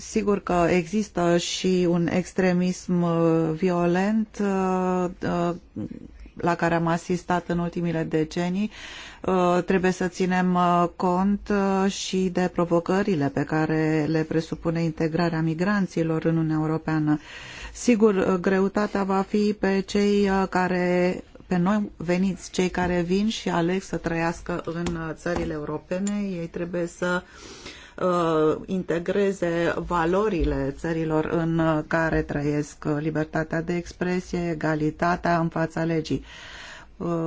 Sigur că există și un extremism uh, violent uh, uh, la care am asistat în ultimile decenii. Trebuie să ținem cont și de provocările pe care le presupune integrarea migranților în Uniunea Europeană. Sigur, greutatea va fi pe cei care pe noi veniți, cei care vin și aleg să trăiască în țările europene, ei trebuie să uh, uh, integreze valorile țărilor în care trăiesc libertatea de expresie, egalitatea în fața legii. Uh,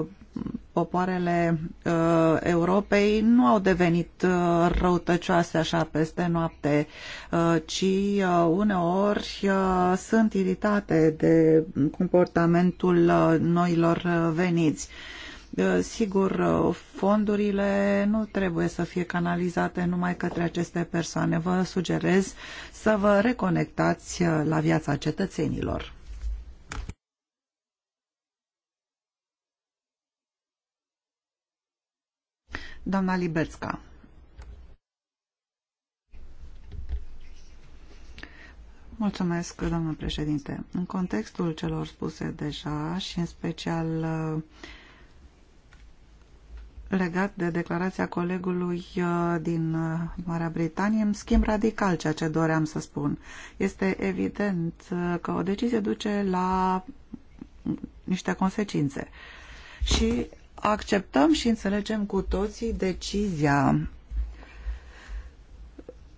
popoarele uh, Europei nu au devenit uh, răutăcioase așa peste noapte, uh, ci uh, uneori uh, sunt iritate de comportamentul uh, noilor uh, veniți. Uh, Sigur, fondurile nu trebuie să fie canalizate numai către aceste persoane. Vă sugerez să vă reconectați la viața cetățenilor. Doamna Liberțca. Mulțumesc, doamnă președinte. În contextul celor spuse deja și în special uh, legat de declarația colegului uh, din uh, Marea Britanie, îmi schimb radical ceea ce doream să spun. Este evident uh, că o decizie duce la niște consecințe. Și acceptăm și înțelegem cu toții decizia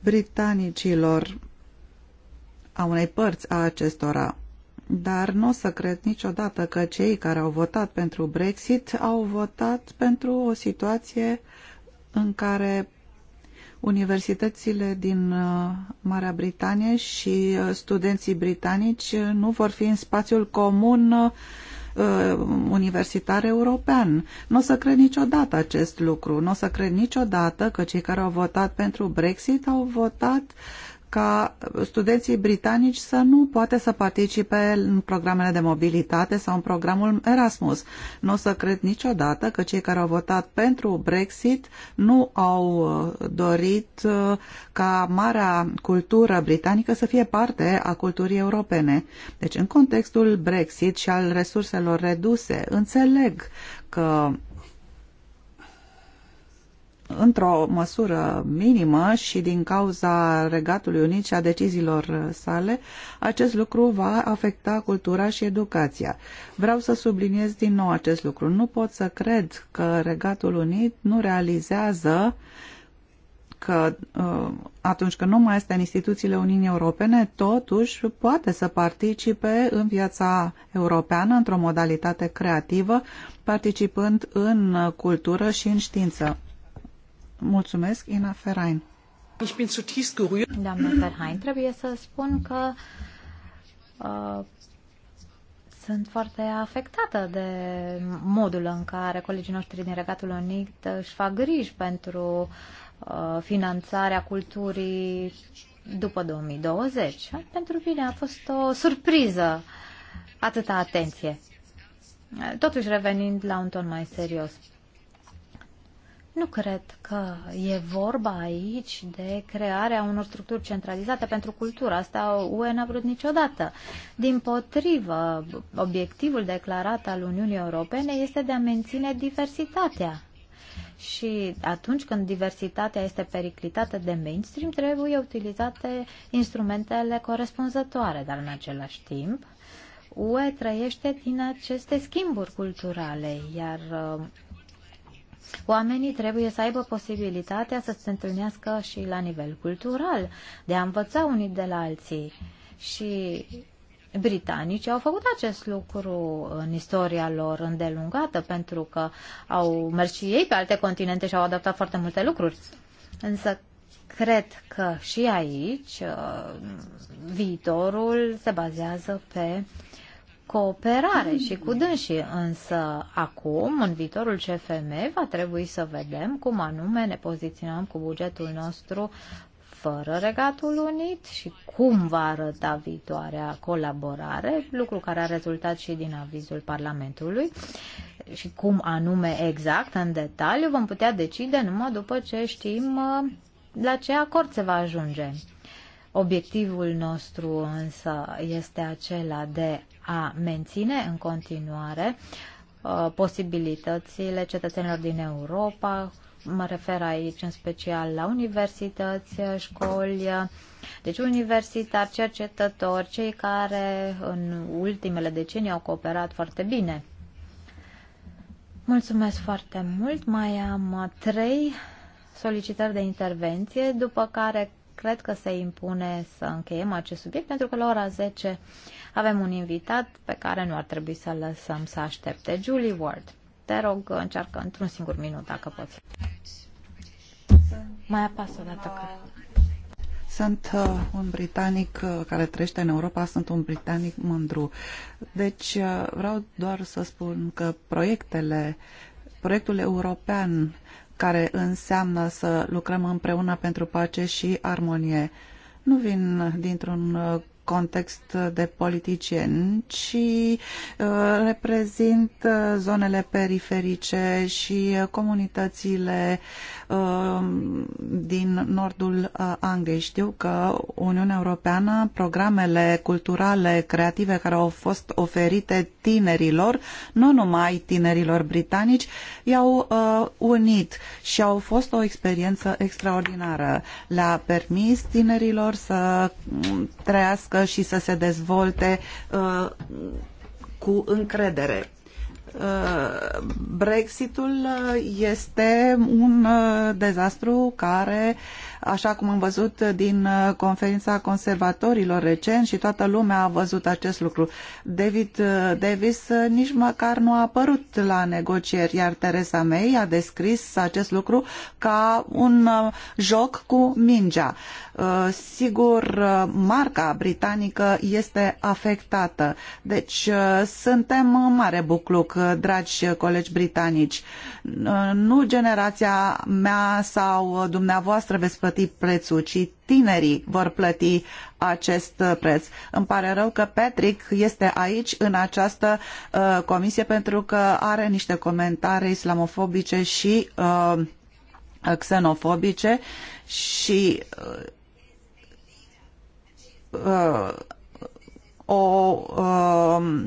britanicilor a unei părți a acestora dar nu o să cred niciodată că cei care au votat pentru Brexit au votat pentru o situație în care universitățile din uh, Marea Britanie și uh, studenții britanici uh, nu vor fi în spațiul comun universitar european. Nu o să cred niciodată acest lucru. Nu o să cred niciodată că cei care au votat pentru Brexit au votat uh, ca studenții britanici să nu poate să participe în programele de mobilitate sau în programul Erasmus. Nu o să cred niciodată că cei care au votat pentru Brexit nu au uh, dorit uh, ca marea cultură britanică să fie parte a culturii europene. Deci, în contextul Brexit și al resurselor reduse, înțeleg că într-o măsură minimă și din cauza Regatului Unit și a deciziilor sale, acest lucru va afecta cultura și educația. Vreau să subliniez din nou acest lucru. Nu pot să cred că Regatul Unit nu realizează că uh, atunci când nu mai este în instituțiile Uniunii Europene, totuși poate să participe în viața europeană într-o modalitate creativă, participând în cultură și în știință. Mulțumesc, Ina Ferain. Doamna Ferhain, trebuie să spun că uh, sunt foarte afectată de modul în care colegii noștri din Regatul Unit își fac griji pentru uh, finanțarea culturii după 2020. Pentru mine a fost o surpriză atâta atenție. Totuși, revenind la un ton mai serios, nu cred că e vorba aici de crearea unor structuri centralizate pentru cultură. Asta UE n-a vrut niciodată. Din potrivă, obiectivul declarat al Uniunii Europene este de a menține diversitatea. Și atunci când diversitatea este periclitată de mainstream, trebuie utilizate instrumentele corespunzătoare, dar în același timp, UE trăiește din aceste schimburi culturale, iar uh, Oamenii trebuie să aibă posibilitatea să se întâlnească și la nivel cultural, de a învăța unii de la alții. Și britanicii au făcut acest lucru în istoria lor îndelungată, pentru că au mers și ei pe alte continente și au adaptat foarte multe lucruri. Însă cred că și aici uh, viitorul se bazează pe cooperare și cu dânsii, însă acum, în viitorul CFM, va trebui să vedem cum anume ne poziționăm cu bugetul nostru fără Regatul Unit și cum va arăta viitoarea colaborare, lucru care a rezultat și din avizul Parlamentului și cum anume exact, în detaliu, vom putea decide numai după ce știm uh, la ce acord se va ajunge. Obiectivul nostru însă este acela de a menține în continuare uh, posibilitățile cetățenilor din Europa, mă refer aici în special la universități, școli, deci universitari, cercetători, cei care în ultimele decenii au cooperat foarte bine. Mulțumesc foarte mult. Mai am trei solicitări de intervenție, după care cred că se impune să încheiem acest subiect, pentru că la ora 10 avem un invitat pe care nu ar trebui să lăsăm să aștepte. Julie Ward, te rog, încearcă într-un singur minut, dacă poți. Mai apasă o dată că... Sunt uh, un britanic uh, care trăiește în Europa, sunt un britanic mândru. Deci uh, vreau doar să spun că proiectele, proiectul european care înseamnă să lucrăm împreună pentru pace și armonie. Nu vin dintr-un uh, context de politicieni, ci uh, reprezint uh, zonele periferice și uh, comunitățile din nordul Angliei. Știu că Uniunea Europeană, programele culturale, creative care au fost oferite tinerilor, nu numai tinerilor britanici, i-au unit și au fost o experiență extraordinară. Le-a permis tinerilor să mm, trăiască crească și să se dezvolte uh, cu încredere. Uh, Brexitul uh, este un uh, dezastru care, așa cum am văzut din conferința conservatorilor recent și toată lumea a văzut acest lucru. David Davis nici măcar nu a apărut la negocieri, iar Teresa May a descris acest lucru ca un joc cu mingea. Sigur, marca britanică este afectată, deci suntem în mare bucluc dragi colegi britanici. Nu generația mea sau dumneavoastră veți plăti prețul, ci tinerii vor plăti acest preț. Îmi pare rău că Patrick este aici în această uh, comisie pentru că are niște comentarii islamofobice și uh, xenofobice și uh, uh o uh,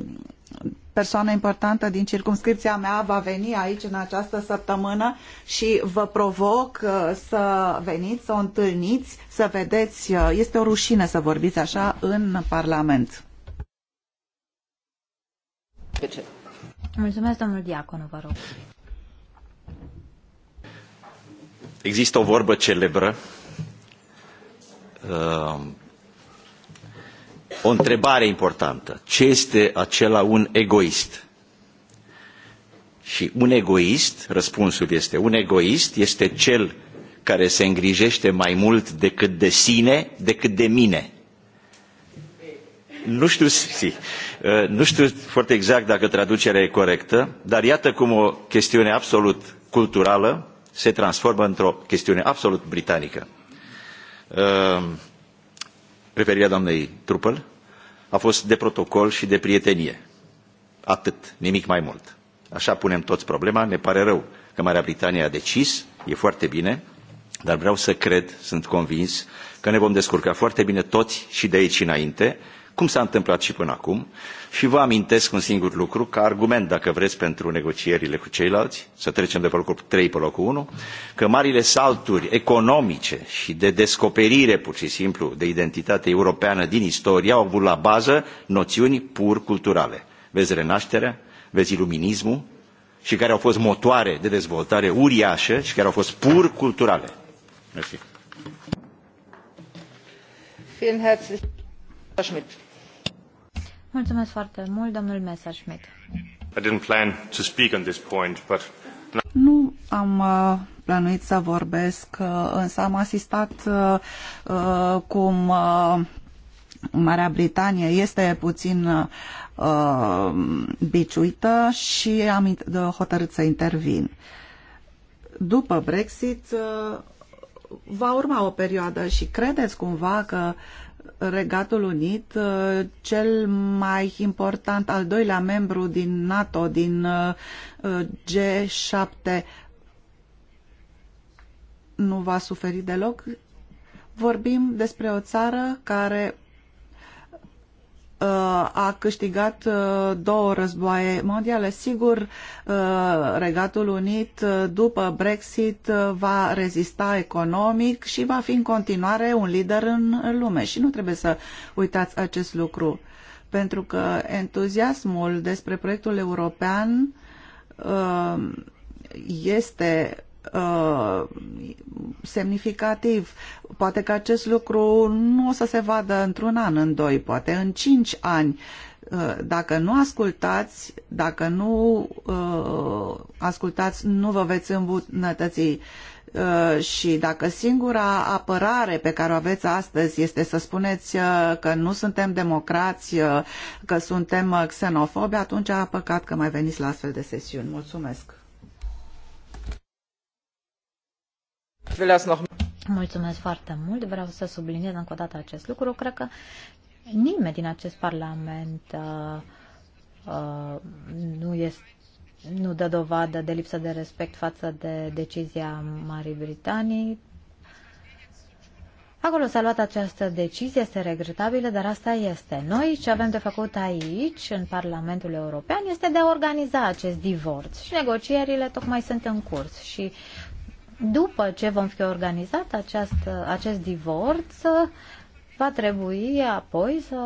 persoană importantă din circumscripția mea va veni aici în această săptămână și vă provoc uh, să veniți, să o întâlniți, să vedeți. Uh, este o rușine să vorbiți așa în Parlament. Mulțumesc, domnul Diaconu, vă rog. Există o vorbă celebră uh, o întrebare importantă. Ce este acela un egoist? Și un egoist, răspunsul este, un egoist este cel care se îngrijește mai mult decât de sine, decât de mine. Nu știu, (laughs) si, uh, nu știu foarte exact dacă traducerea e corectă, dar iată cum o chestiune absolut culturală se transformă într-o chestiune absolut britanică. Uh, referirea doamnei Trupel a fost de protocol și de prietenie. Atât, nimic mai mult. Așa punem toți problema, ne pare rău că Marea Britanie a decis, e foarte bine, dar vreau să cred, sunt convins, că ne vom descurca foarte bine toți și de aici înainte cum s-a întâmplat și până acum, și vă amintesc un singur lucru, ca argument, dacă vreți, pentru negocierile cu ceilalți, să trecem de pe locul 3 pe locul 1, că marile salturi economice și de descoperire, pur și simplu, de identitate europeană din istorie au avut la bază noțiuni pur culturale. Vezi renașterea, vezi iluminismul, și care au fost motoare de dezvoltare uriașă și care au fost pur culturale. Vielen herzlichen Dank, Herr Schmidt. Mulțumesc foarte mult, domnul Messerschmidt. I didn't plan to speak on this point, but... Nu am uh, planuit să vorbesc, uh, însă am asistat uh, cum Marea Britanie este puțin biciuită și am hotărât să intervin. După Brexit va urma o perioadă și credeți cumva că Regatul Unit, uh, cel mai important, al doilea membru din NATO, din uh, G7, nu va suferi deloc. Vorbim despre o țară care a câștigat uh, două războaie mondiale. Sigur, uh, Regatul Unit uh, după Brexit va rezista economic și va fi în continuare un lider în lume și nu trebuie să uitați acest lucru pentru că entuziasmul despre proiectul european este Uh, semnificativ. Poate că acest lucru nu o să se vadă într-un an, în doi, poate în cinci ani. Uh, dacă nu ascultați, dacă nu uh, ascultați, nu vă veți îmbunătăți și dacă singura apărare pe care o aveți astăzi este să spuneți că nu suntem democrați, că suntem xenofobi, atunci păcat că mai veniți la astfel de sesiuni. Mulțumesc! Mulțumesc foarte mult. Vreau să subliniez încă o dată acest lucru. Cred că nimeni din acest Parlament uh, uh, nu este nu dă dovadă de lipsă de respect față de decizia Marii Britanii. Acolo s-a luat această decizie, este regretabilă, dar asta este. Noi ce avem de făcut aici, în Parlamentul European, este de a organiza acest divorț. Și negocierile tocmai sunt în curs. Și după ce vom fi organizat acest, acest divorț, va trebui apoi să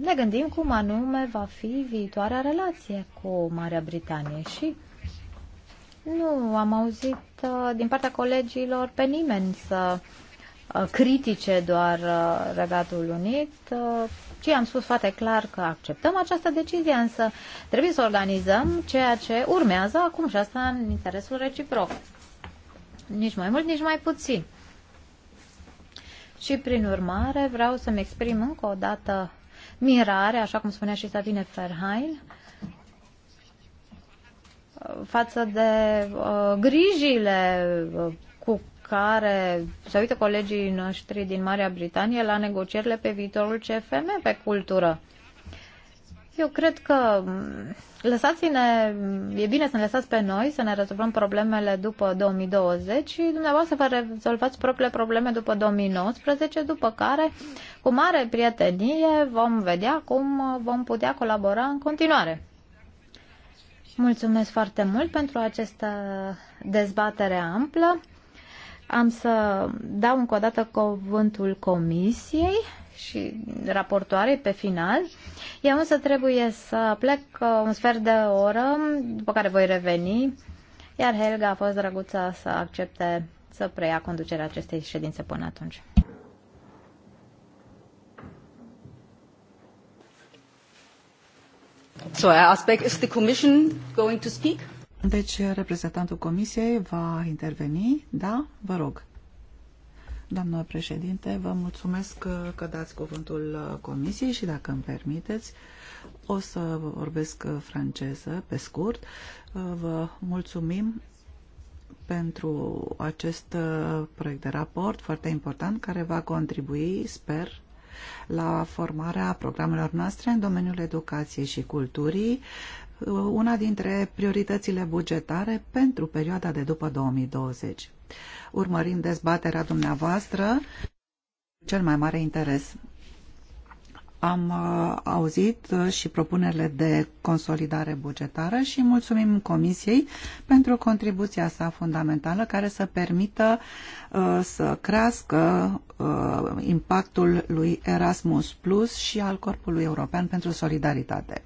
ne gândim cum anume va fi viitoarea relație cu Marea Britanie și nu am auzit uh, din partea colegilor pe nimeni să uh, critice doar uh, Regatul Unit, ci am spus foarte clar că acceptăm această decizie, însă trebuie să organizăm ceea ce urmează acum și asta în interesul reciproc nici mai mult, nici mai puțin. Și prin urmare vreau să-mi exprim încă o dată mirare, așa cum spunea și Sabine Ferhain, față de uh, grijile uh, cu care se uită colegii noștri din Marea Britanie la negocierile pe viitorul CFM pe cultură. Uh, eu cred că mm, lăsați-ne, e bine să ne lăsați pe noi să ne rezolvăm problemele după 2020 și dumneavoastră vă rezolvați propriile probleme după 2019, după care, cu mare prietenie, vom vedea cum uh, vom putea colabora în continuare. Mulțumesc foarte mult pentru această dezbatere amplă. Am să dau încă o dată cuvântul comisiei și raportoare pe final. Eu însă trebuie să plec uh, un sfert de oră, după care voi reveni, iar Helga a fost drăguță să accepte să preia conducerea acestei ședințe până atunci. So I ask is the commission going to speak? Deci reprezentantul comisiei va interveni, da? Vă rog. Doamnă președinte, vă mulțumesc că, că dați cuvântul comisiei și dacă îmi permiteți, o să vorbesc franceză pe scurt. Vă mulțumim pentru acest proiect de raport foarte important care va contribui, sper, la formarea programelor noastre în domeniul educației și culturii, una dintre prioritățile bugetare pentru perioada de după 2020 urmărind dezbaterea dumneavoastră cel mai mare interes. Am uh, auzit uh, și propunerile de consolidare bugetară și mulțumim Comisiei pentru contribuția sa fundamentală care să permită uh, să crească impactul lui Erasmus Plus și al Corpului European pentru Solidaritate.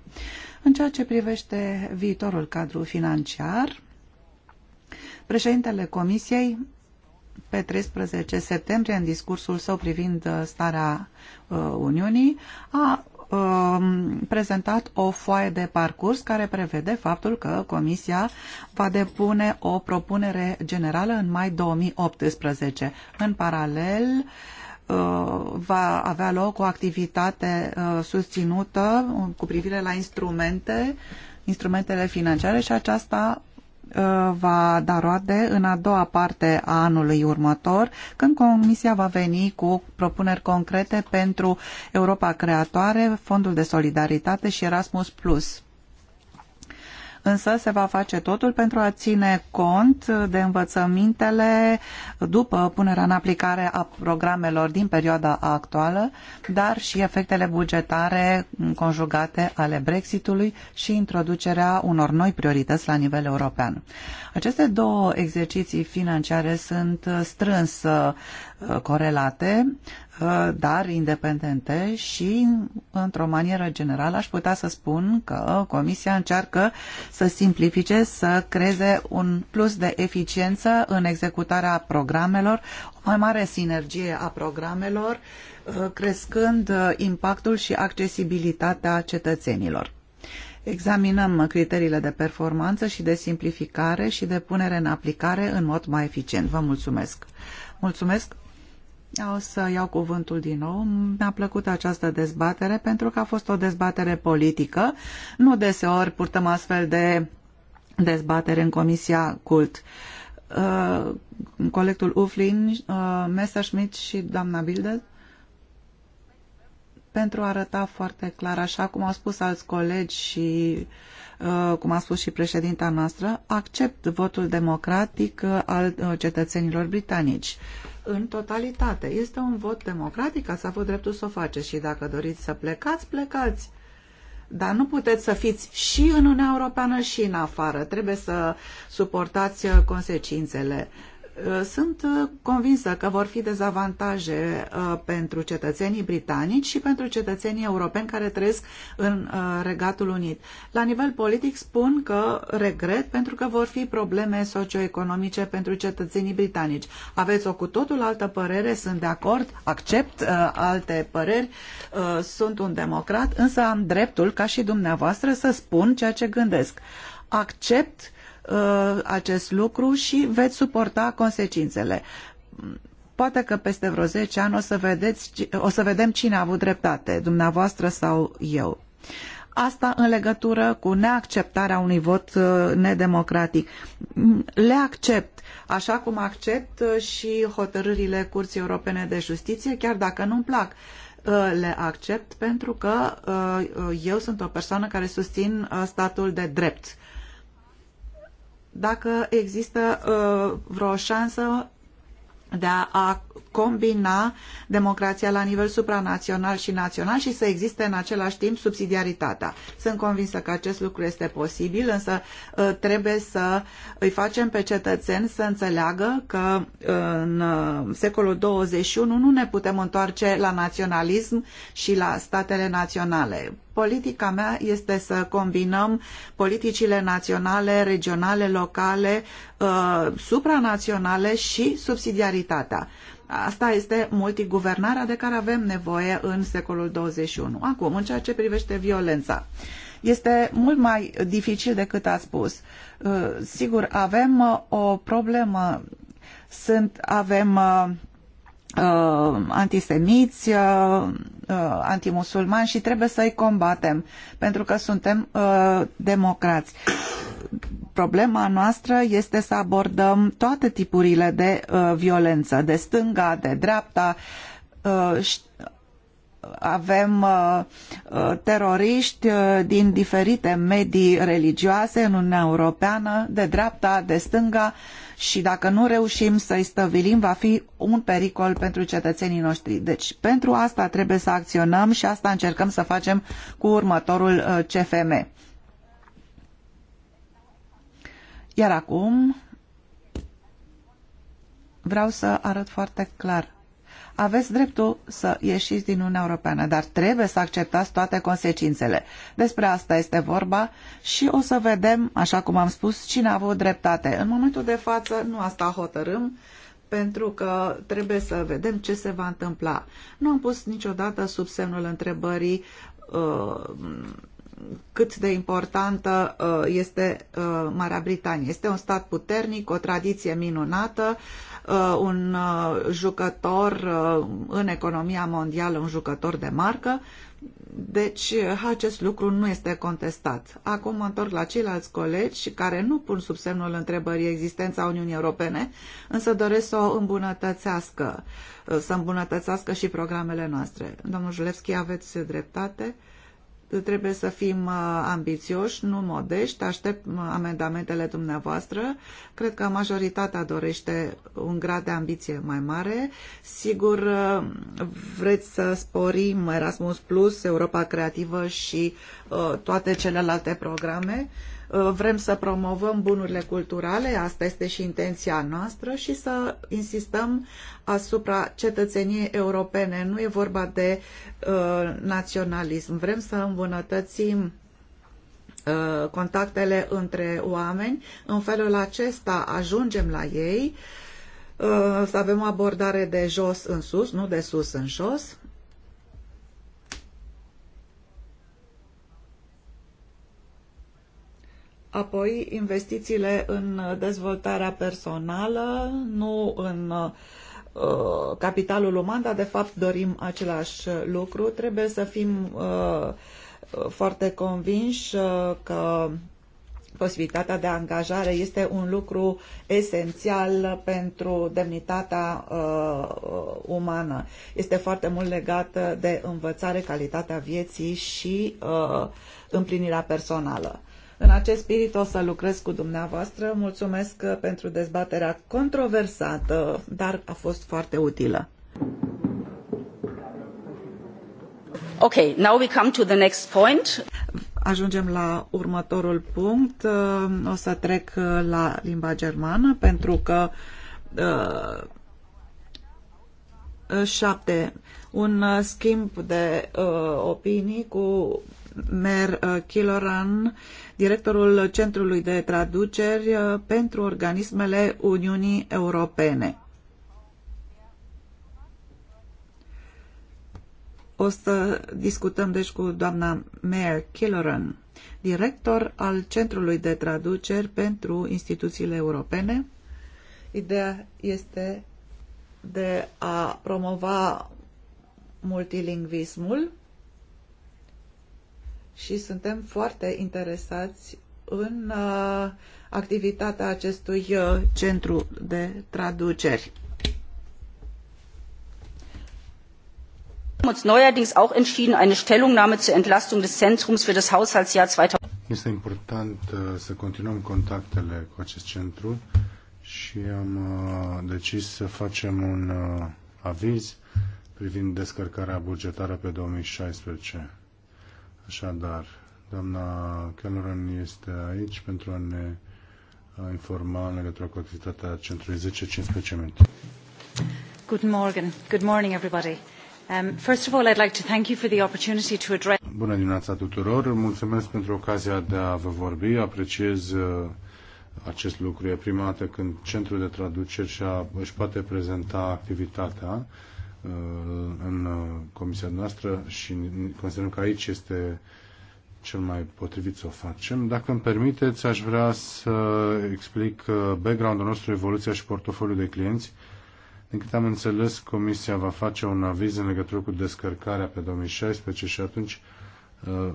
În ceea ce privește viitorul cadru financiar, Președintele Comisiei, pe 13 septembrie, în discursul său privind uh, starea uh, Uniunii, a um, prezentat o foaie de parcurs care prevede faptul că Comisia va depune o propunere generală în mai 2018. În paralel, uh, va avea loc o activitate susținută cu privire la instrumente, instrumentele financiare și aceasta Uh, va da roade în a doua parte a anului următor, când Comisia va veni cu propuneri concrete pentru Europa Creatoare, Fondul de Solidaritate și Erasmus+ însă se va face totul pentru a ține cont de învățămintele după punerea în aplicare a programelor din perioada actuală, dar și efectele bugetare conjugate ale Brexitului și introducerea unor noi priorități la nivel european. Aceste două exerciții financiare sunt strâns uh, corelate Uh, dar independente și, într-o manieră generală, aș putea să spun că Comisia încearcă să simplifice, să creeze un plus de eficiență în executarea programelor, o mai mare sinergie a programelor, uh, crescând uh, impactul și accesibilitatea cetățenilor. Examinăm criteriile de performanță și de simplificare și de punere în aplicare în mod mai eficient. Vă mulțumesc! Mulțumesc! O să iau cuvântul din nou. Mi-a plăcut această dezbatere pentru că a fost o dezbatere politică. Nu deseori purtăm astfel de dezbatere în Comisia Cult. Uh, colectul Uflin, uh, Messerschmidt și doamna Bilde pentru a arăta foarte clar, așa cum au spus alți colegi și uh, cum a spus și președinta noastră, accept votul democratic uh, al uh, cetățenilor britanici în totalitate. Este un vot democratic, ați avut dreptul să o faceți și dacă doriți să plecați, plecați. Dar nu puteți să fiți și în Uniunea Europeană și în afară. Trebuie să suportați uh, consecințele Uh, sunt uh, convinsă că vor fi dezavantaje uh, pentru cetățenii britanici și pentru cetățenii europeni care trăiesc în Regatul Unit. La nivel politic spun că regret pentru că vor fi probleme socioeconomice pentru cetățenii britanici. Aveți o cu totul altă părere, sunt de acord, accept alte păreri, sunt un democrat, însă am dreptul, ca și dumneavoastră, să spun ceea ce gândesc. Accept Uh, acest lucru și veți suporta consecințele. Poate că peste vreo 10 ani o să, vedeți, o să vedem cine a avut dreptate, dumneavoastră sau eu. Asta în legătură cu neacceptarea unui vot uh, nedemocratic. Le accept, așa cum accept uh, și hotărârile Curții Europene de Justiție, chiar dacă nu-mi plac le accept pentru că eu sunt o persoană care susțin statul de drept dacă există uh, vreo șansă de a combina democrația la nivel supranațional și național și să existe în același timp subsidiaritatea. Sunt convinsă că acest lucru este posibil, însă uh, trebuie să îi facem pe cetățeni să înțeleagă că uh, în secolul 21 nu ne putem întoarce la naționalism și la statele naționale politica mea este să combinăm politicile naționale, regionale, locale, uh, supranaționale și subsidiaritatea. Asta este multiguvernarea de care avem nevoie în secolul 21. Acum, în ceea ce privește violența este mult mai dificil decât a spus. Uh, sigur, avem uh, o problemă. Sunt, avem uh, antisemiți, uh, uh, antimusulmani și trebuie să-i combatem, pentru că suntem uh, democrați. Problema noastră este să abordăm toate tipurile de uh, violență, de stânga, de dreapta. Uh, avem uh, uh, teroriști uh, din diferite medii religioase în Uniunea Europeană, de dreapta, de stânga și dacă nu reușim să-i stăvilim, va fi un pericol pentru cetățenii noștri. Deci, pentru asta trebuie să acționăm și asta încercăm să facem cu următorul CFM. Iar acum vreau să arăt foarte clar aveți dreptul să ieșiți din Uniunea Europeană, dar trebuie să acceptați toate consecințele. Despre asta este vorba și o să vedem, așa cum am spus, cine a avut dreptate. În momentul de față nu asta hotărâm, pentru că trebuie să vedem ce se va întâmpla. Nu am pus niciodată sub semnul întrebării uh, cât de importantă uh, este uh, Marea Britanie. Este un stat puternic, o tradiție minunată, Uh, un uh, jucător uh, în economia mondială, un jucător de marcă, deci acest lucru nu este contestat. Acum mă întorc la ceilalți colegi care nu pun sub semnul întrebării existența Uniunii Europene, însă doresc să o îmbunătățească, să îmbunătățească și programele noastre. Domnul Julevski, aveți dreptate trebuie să fim uh, ambițioși, nu modești, aștept uh, amendamentele dumneavoastră. Cred că majoritatea dorește un grad de ambiție mai mare. Sigur, uh, vreți să sporim Erasmus Plus, Europa Creativă și toate celelalte programe. Uh, Vrem să promovăm bunurile culturale, asta este și intenția noastră, și să insistăm asupra cetățeniei europene. Nu e vorba de uh, naționalism. Vrem să îmbunătățim uh, contactele între oameni. În felul acesta ajungem la ei, uh, să avem o abordare de jos în sus, nu de sus în jos Apoi, investițiile în dezvoltarea personală, nu în uh, capitalul uman, dar de fapt dorim același lucru. Trebuie să fim uh, foarte convinși uh, că posibilitatea de angajare este un lucru esențial pentru demnitatea uh, umană. Este foarte mult legată de învățare, calitatea vieții și uh, împlinirea personală. În acest spirit o să lucrez cu dumneavoastră. Mulțumesc uh, pentru dezbaterea controversată, dar a fost foarte utilă. Okay, now we come to the next point. Ajungem la următorul punct. Uh, o să trec uh, la limba germană pentru că uh, șapte, un schimb de uh, opinii cu Mer Kiloran directorul Centrului de Traduceri uh, pentru Organismele Uniunii Europene. O să discutăm deci cu doamna Mayor Killoran, director al Centrului de Traduceri pentru Instituțiile Europene. Ideea este de a promova multilingvismul și suntem foarte interesați în uh, activitatea acestui uh, centru de traduceri. uns neuerdings auch entschieden, eine Stellungnahme zur Entlastung des Zentrums für das Haushaltsjahr 2000. Este important uh, să continuăm contactele cu acest centru și am uh, decis să facem un uh, aviz privind descărcarea bugetară pe 2016. Așadar, doamna Cameron este aici pentru a ne informa în legătură cu activitatea centrului 10-15 minute. Good morning. Good morning, everybody. Um, first of all, I'd like to thank you for the opportunity to address... Bună dimineața tuturor! Mulțumesc pentru ocazia de a vă vorbi. Apreciez uh, acest lucru. E prima dată când centrul de traduceri și își poate prezenta activitatea. Uh, Uh, în uh, comisia noastră și considerăm că aici este cel mai potrivit să o facem. Dacă îmi permiteți, aș vrea să explic uh, background-ul nostru, evoluția și portofoliul de clienți. Din câte am înțeles, Comisia va face un aviz în legătură cu descărcarea pe 2016 și atunci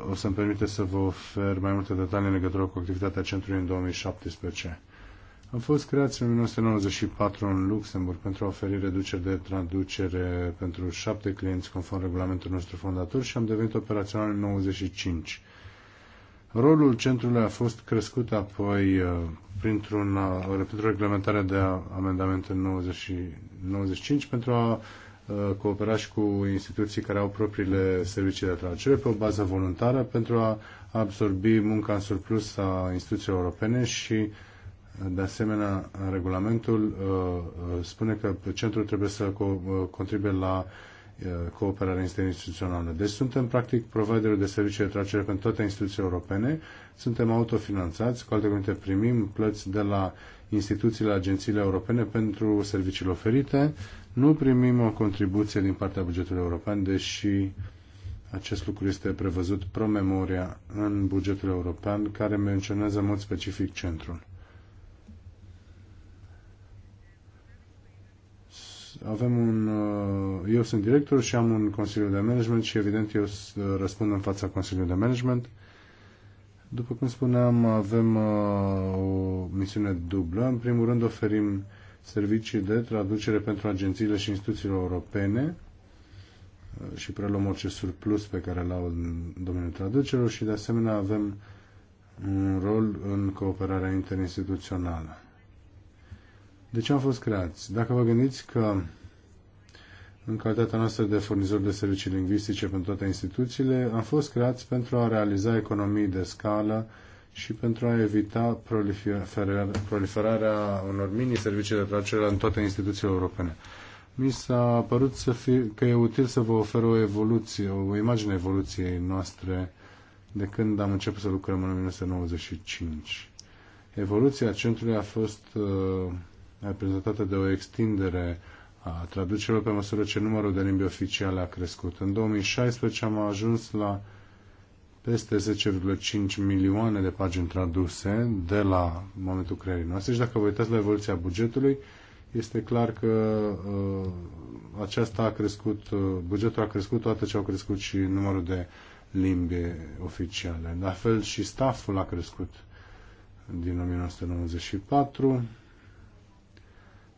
o să-mi permite să vă ofer mai multe detalii în legătură cu activitatea centrului în 2017. Am fost creați în 1994 în Luxemburg pentru a oferi reduceri de traducere pentru șapte clienți conform regulamentului nostru fondator și am devenit operațional în 95. Rolul centrului a fost crescut apoi uh, printr-un, uh, printr-o reglementare de amendament în 90, 95 pentru a uh, coopera și cu instituții care au propriile servicii de traducere pe o bază voluntară pentru a absorbi munca în surplus a instituțiilor europene și uh, de asemenea, regulamentul uh, uh, spune că centrul trebuie să uh, contribuie la cooperare instituțională. Deci suntem practic providerul de servicii de tracere pentru toate instituțiile europene, suntem autofinanțați, cu alte cuvinte primim plăți de la instituțiile, agențiile europene pentru serviciile oferite, nu primim o contribuție din partea bugetului european, deși acest lucru este prevăzut promemoria în bugetul european, care menționează în mod specific centrul. Avem un, uh, eu sunt director și am un Consiliu de Management și evident eu răspund în fața Consiliului de Management. După cum spuneam, avem uh, o misiune dublă. În primul rând oferim servicii de traducere pentru agențiile și instituțiile europene uh, și preluăm orice surplus pe care l-au în domeniul traducerilor și de asemenea avem un rol în cooperarea interinstituțională. De ce am fost creați? Dacă vă gândiți că în calitatea noastră de furnizor de servicii lingvistice pentru toate instituțiile, am fost creați pentru a realiza economii de scală și pentru a evita proliferarea unor mini-servicii de traducere în toate instituțiile europene. Mi s-a părut să fi, că e util să vă ofer o evoluție, o imagine evoluției noastre de când am început să lucrăm în 1995. Evoluția centrului a fost uh, reprezentată de o extindere a traducerilor pe măsură ce numărul de limbi oficiale a crescut. În 2016 am ajuns la peste 10,5 milioane de pagini traduse de la momentul creării noastre și dacă vă uitați la evoluția bugetului, este clar că uh, aceasta a crescut, uh, bugetul a crescut toate ce au crescut și numărul de limbi oficiale. La fel și stafful a crescut din 1994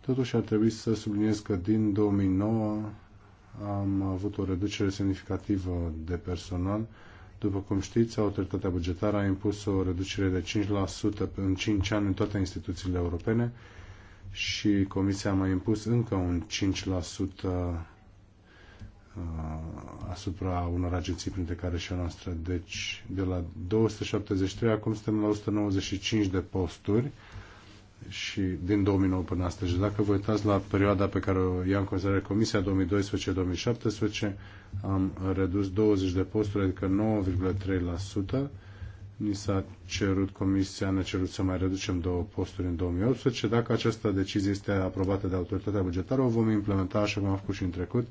Totuși ar trebui să subliniez că din 2009 am avut o reducere semnificativă de personal. După cum știți, autoritatea bugetară a impus o reducere de 5% în 5 ani în toate instituțiile europene și Comisia a mai impus încă un 5% uh, asupra unor agenții printre care și a noastră. Deci, de la 273 acum suntem la 195 de posturi și din 2009 până astăzi. Deci dacă vă uitați la perioada pe care o ia în considerare Comisia 2012-2017, am redus 20 de posturi, adică 9,3%. Ni s-a cerut, Comisia ne-a cerut să mai reducem două posturi în 2018. Dacă această decizie este aprobată de autoritatea bugetară, o vom implementa așa cum am făcut și în trecut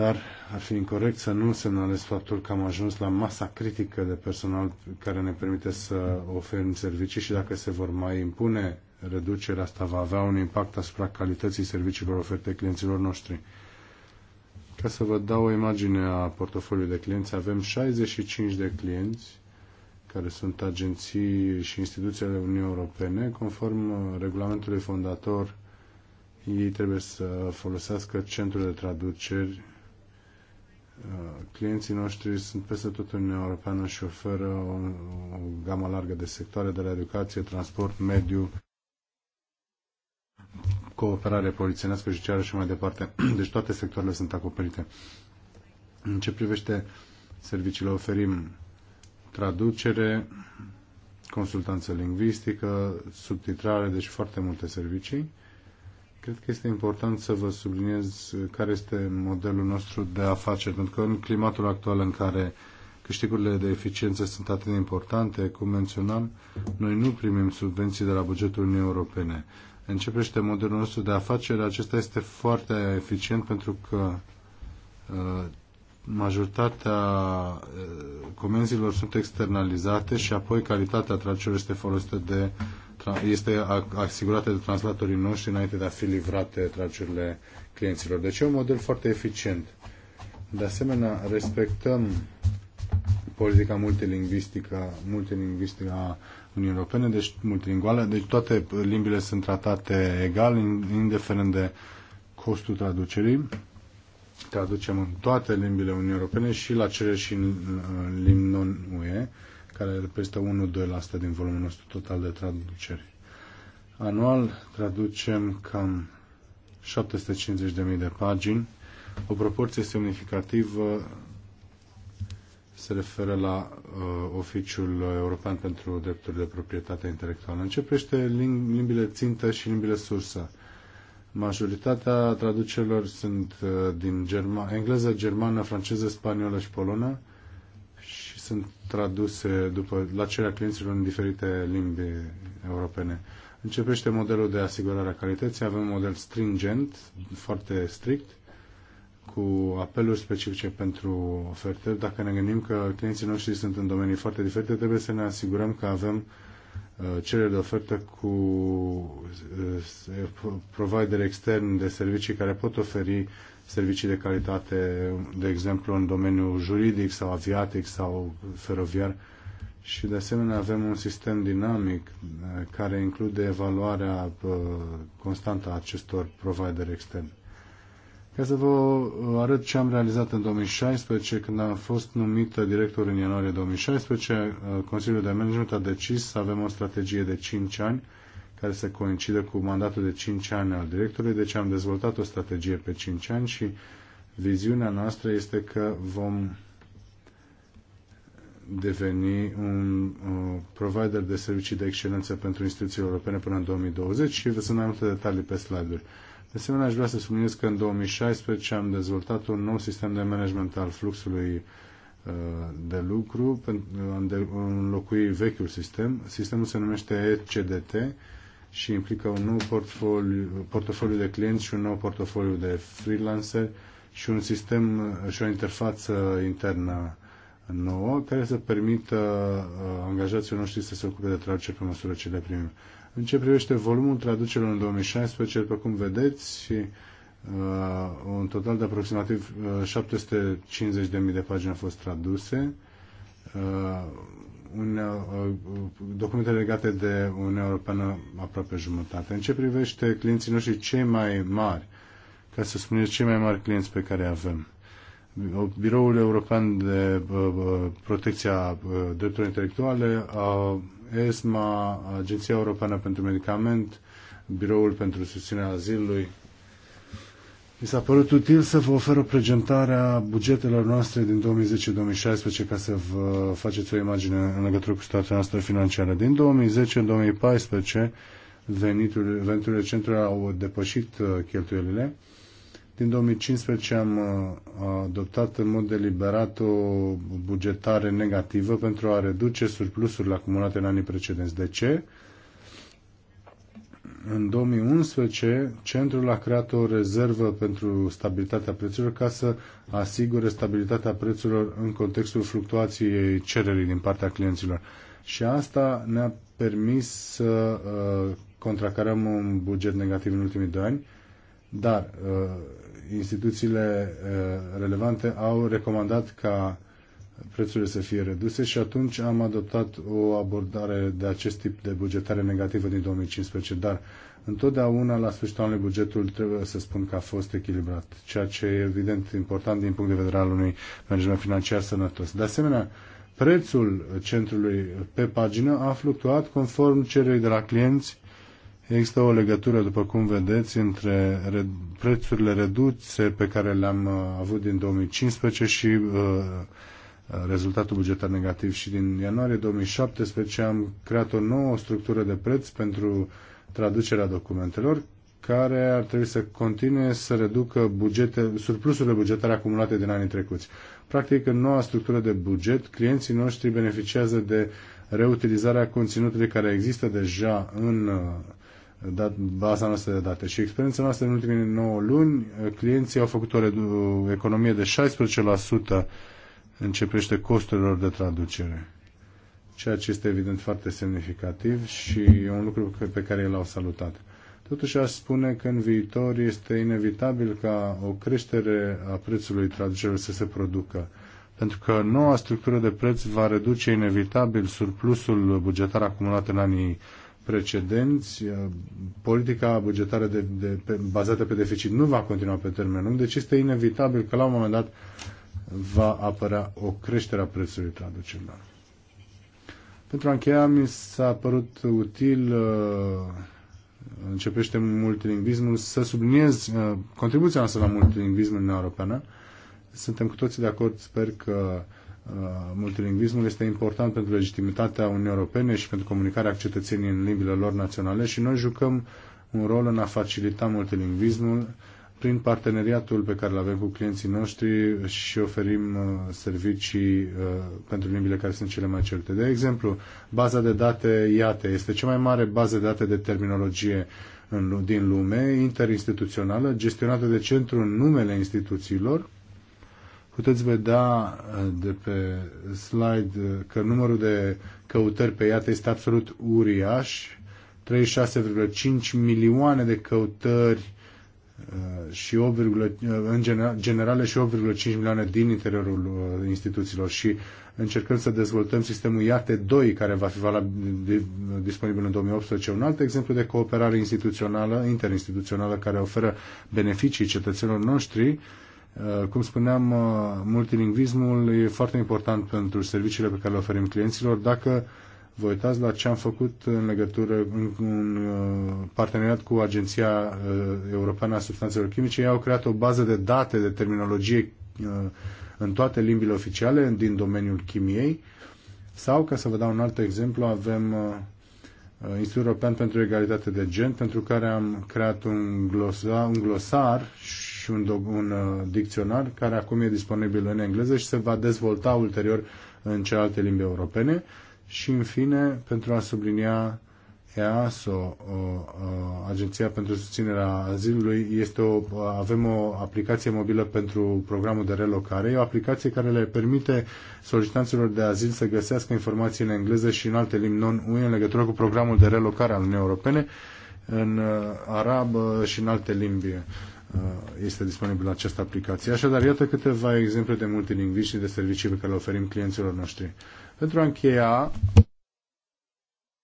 dar ar fi incorrect să nu semnalez faptul că am ajuns la masa critică de personal care ne permite să oferim servicii și dacă se vor mai impune reducerea asta va avea un impact asupra calității serviciilor oferte clienților noștri. Ca să vă dau o imagine a portofoliului de clienți, avem 65 de clienți care sunt agenții și instituții ale Uniunii Europene. Conform regulamentului fondator, ei trebuie să folosească centrul de traduceri clienții noștri sunt peste tot în Europeană și oferă o, o gamă largă de sectoare, de la educație, transport, mediu, cooperare polițienească, judiciară și mai departe. (clears throat) Deci toate sectoarele sunt acoperite. În ce privește serviciile, oferim traducere, consultanță lingvistică, subtitrare, deci foarte multe servicii Cred că este important să vă subliniez care este modelul nostru de afaceri, pentru că în climatul actual în care câștigurile de eficiență sunt atât de importante, cum menționam, noi nu primim subvenții de la bugetul Uniunii Europene. Începește modelul nostru de afaceri, acesta este foarte eficient pentru că uh, majoritatea uh, comenzilor sunt externalizate și apoi calitatea tracerilor este folosită de este asigurată de translatorii noștri înainte de a fi livrate tragerile clienților. Deci e un model foarte eficient. De asemenea, respectăm politica multilingvistică, multilingvistică a Uniunii Europene, deci multilinguală, deci toate limbile sunt tratate egal, indiferent de costul traducerii. Traducem în toate limbile Uniunii Europene și la cele și în limbi non-UE care reprezintă 1-2% din volumul nostru total de traduceri. Anual traducem cam 750.000 de pagini. O proporție semnificativă se referă la uh, Oficiul European pentru Drepturile de Proprietate Intelectuală. Începește lim- limbile țintă și limbile sursă. Majoritatea traducerilor sunt uh, din germa- engleză, germană, franceză, spaniolă și polonă sunt traduse după, la cererea clienților în diferite limbi europene. Începește modelul de asigurare a calității, avem un model stringent, foarte strict, cu apeluri specifice pentru oferte. Dacă ne gândim că clienții noștri sunt în domenii foarte diferite, trebuie să ne asigurăm că avem uh, cereri de ofertă cu uh, uh, provider extern de servicii care pot oferi servicii de calitate, de exemplu, în domeniul juridic sau aviatic sau feroviar. Și, de asemenea, avem un sistem dinamic eh, care include evaluarea eh, constantă a acestor provider externi. Ca să vă eh, arăt ce am realizat în 2016, când am fost numită director în ianuarie 2016, Consiliul de Management a decis să avem o strategie de 5 ani care să coincidă cu mandatul de 5 ani al directorului, deci am dezvoltat o strategie pe 5 ani și viziunea noastră este că vom deveni un uh, provider de servicii de excelență pentru instituțiile europene până în 2020 și sunt mai multe detalii pe slide-uri. De asemenea, aș vrea să subliniez că în 2016 am dezvoltat un nou sistem de management al fluxului uh, de lucru, uh, am înlocuit vechiul sistem. Sistemul se numește ECDT, și implică un nou portofoliu, portofoliu de clienți și un nou portofoliu de freelancer și un sistem și o interfață internă nouă care să permită uh, angajaților noștri să se ocupe de traduceri pe măsură ce le primim. În ce privește volumul traducerilor în 2016, după cum vedeți, Uh, un total de aproximativ uh, 750.000 de pagini au fost traduse. Uh, un, uh, uh, documentele legate de Uniunea Europeană aproape jumătate. În ce privește clienții noștri cei mai mari, ca să spuneți cei mai mari clienți pe care avem, Biroul European de uh, Protecția Drepturilor Intelectuale, ESMA, Agenția Europeană pentru Medicament, Biroul pentru Susținerea Azilului, mi s-a părut util să vă ofer o prezentare a bugetelor noastre din 2010-2016 ca să vă faceți o imagine în legătură cu situația noastră financiară. Din 2010-2014 veniturile, veniturile centrului au depășit uh, cheltuielile. Din 2015 am uh, adoptat în mod deliberat o bugetare negativă pentru a reduce surplusurile acumulate în anii precedenți. De ce? în 2011, centrul a creat o rezervă pentru stabilitatea prețurilor ca să asigure stabilitatea prețurilor în contextul fluctuației cererii din partea clienților. Și asta ne-a permis să uh, contracarăm un buget negativ în ultimii doi ani, dar uh, instituțiile uh, relevante au recomandat ca prețurile să fie reduse și atunci am adoptat o abordare de acest tip de bugetare negativă din 2015, dar întotdeauna la sfârșitul anului bugetul trebuie să spun că a fost echilibrat, ceea ce e evident important din punct de vedere al unui management financiar sănătos. De asemenea, prețul centrului pe pagină a fluctuat conform cererii de la clienți. Există o legătură, după cum vedeți, între prețurile reduse pe care le-am uh, avut din 2015 și uh, rezultatul bugetar negativ și din ianuarie 2017 am creat o nouă structură de preț pentru traducerea documentelor care ar trebui să continue să reducă bugete, surplusurile bugetare acumulate din anii trecuți. Practic, în noua structură de buget, clienții noștri beneficiază de reutilizarea conținutului care există deja în uh, dat, baza noastră de date. Și experiența noastră în ultimele 9 luni, uh, clienții au făcut o economie de 16% începește costurilor de traducere, ceea ce este evident foarte semnificativ și e un lucru pe care l-au salutat. Totuși aș spune că în viitor este inevitabil ca o creștere a prețului traducerilor să se producă, pentru că noua structură de preț va reduce inevitabil surplusul bugetar acumulat în anii precedenți, politica bugetară de, de, pe, bazată pe deficit nu va continua pe termen lung, deci este inevitabil că la un moment dat va apărea o creștere a prețului traducerilor. Pentru a încheia, mi s-a părut util, uh, începește multilingvismul, să subliniez uh, contribuția noastră la multilingvismul în europeană. Suntem cu toții de acord, sper că uh, multilingvismul este important pentru legitimitatea Uniunii Europene și pentru comunicarea cetățenii în limbile lor naționale și noi jucăm un rol în a facilita multilingvismul prin parteneriatul pe care îl avem cu clienții noștri și oferim uh, servicii uh, pentru limbile care sunt cele mai cerute. De exemplu, baza de date IATE este cea mai mare bază de date de terminologie din lume, interinstituțională, gestionată de centru în numele instituțiilor. Puteți vedea uh, de pe slide că numărul de căutări pe IATE este absolut uriaș. 36,5 milioane de căutări Uh, și 8, uh, în generale și 8,5 milioane din interiorul uh, instituțiilor și încercăm să dezvoltăm sistemul iat 2 care va fi valabil, disponibil în 2018. Un alt exemplu de cooperare instituțională, interinstituțională care oferă beneficii cetățenilor noștri cum spuneam, multilingvismul e foarte important pentru serviciile pe care le oferim clienților. Dacă vă uitați la ce am făcut în legătură în, în uh, parteneriat cu Agenția uh, Europeană a Substanțelor Chimice, ei au creat o bază de date de terminologie uh, în toate limbile oficiale din domeniul chimiei. Sau, ca să vă dau un alt exemplu, avem Institutul European pentru Egalitate de Gen, pentru care am creat un glosar, un glosar și un, un dicționar care acum e disponibil în engleză și se va dezvolta ulterior în celelalte limbi europene și, în fine, pentru a sublinia EASO, uh, uh, Agenția pentru Susținerea Azilului, este o, uh, avem o aplicație mobilă pentru programul de relocare. E o aplicație care le permite solicitanților de azil să găsească informații în engleză și în alte limbi non-UE în legătură cu programul de relocare al Uniunii Europene în arabă și în alte limbi este disponibilă această aplicație. Așadar, iată câteva exemple de multilingvi și de servicii pe care le oferim clienților noștri. Pentru a încheia,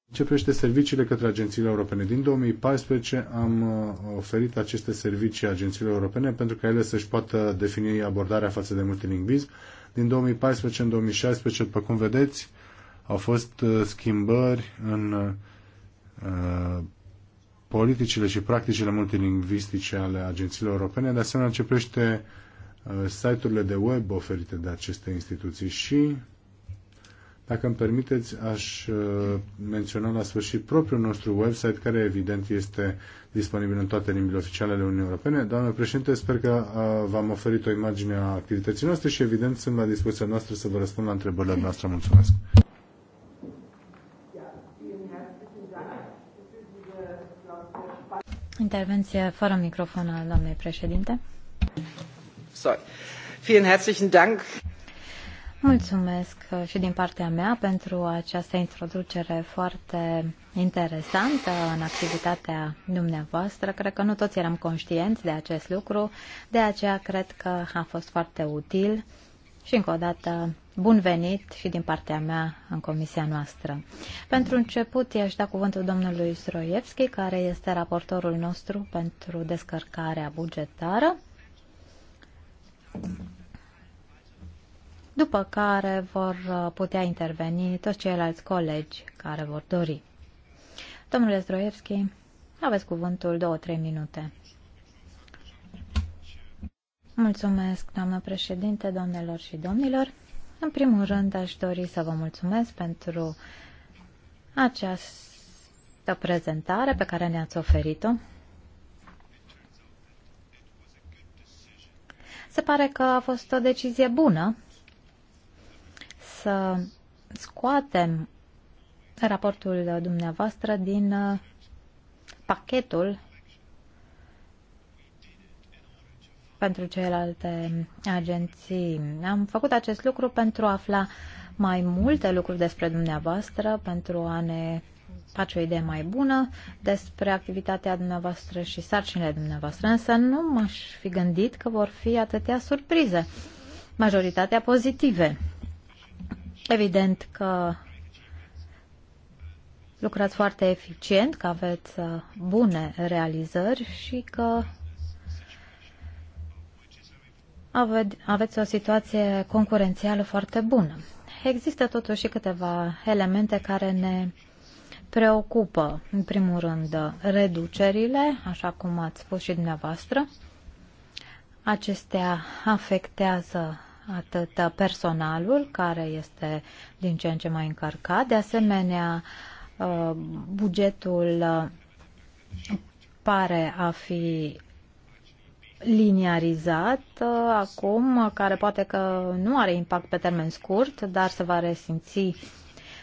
începește serviciile către agențiile europene. Din 2014 am uh, oferit aceste servicii agențiilor europene pentru ca ele să-și poată defini abordarea față de multilingvism. Din 2014 în 2016, după cum vedeți, au fost uh, schimbări în uh, politicile și practicile multilingvistice ale agențiilor europene, de asemenea ce site-urile de web oferite de aceste instituții și dacă îmi permiteți, aș uh, menționa la sfârșit propriul nostru website, care evident este disponibil în toate limbile oficiale ale Uniunii Europene. Doamne președinte, sper că uh, v-am oferit o imagine a activității noastre și evident sunt la dispoziția noastră să vă răspund la întrebările noastre. Mulțumesc! Intervenție fără microfon al doamnei președinte. Sorry. Vielen herzlichen Dank. Mulțumesc uh, și din partea mea pentru această introducere foarte interesantă în activitatea dumneavoastră. Cred că nu toți eram conștienți de acest lucru, de aceea cred că a fost foarte util și încă o dată bun venit și din partea mea în comisia noastră. Pentru început i-aș da cuvântul domnului Stroievski, care este raportorul nostru pentru descărcarea bugetară după care vor uh, putea interveni toți ceilalți colegi care vor dori. Domnule Zdroievski, aveți cuvântul 2-3 minute. Mulțumesc, doamnă președinte, domnilor și domnilor. În primul rând, aș dori să vă mulțumesc pentru această prezentare pe care ne-ați oferit-o. Se pare că a fost o decizie bună să scoatem raportul dumneavoastră din uh, pachetul pentru celelalte agenții. Am făcut acest lucru pentru a afla mai multe lucruri despre dumneavoastră, pentru a ne face o idee mai bună despre activitatea dumneavoastră și sarcinile dumneavoastră, însă nu m-aș fi gândit că vor fi atâtea surprize, majoritatea pozitive. Evident că lucrați foarte eficient, că aveți uh, bune realizări și că aveți o situație concurențială foarte bună. Există totuși câteva elemente care ne preocupă, în primul rând, reducerile, așa cum ați spus și dumneavoastră. Acestea afectează atât personalul, care este din ce în ce mai încărcat, de asemenea uh, bugetul uh, pare a fi liniarizat uh, acum, care poate că nu are impact pe termen scurt, dar se va resimți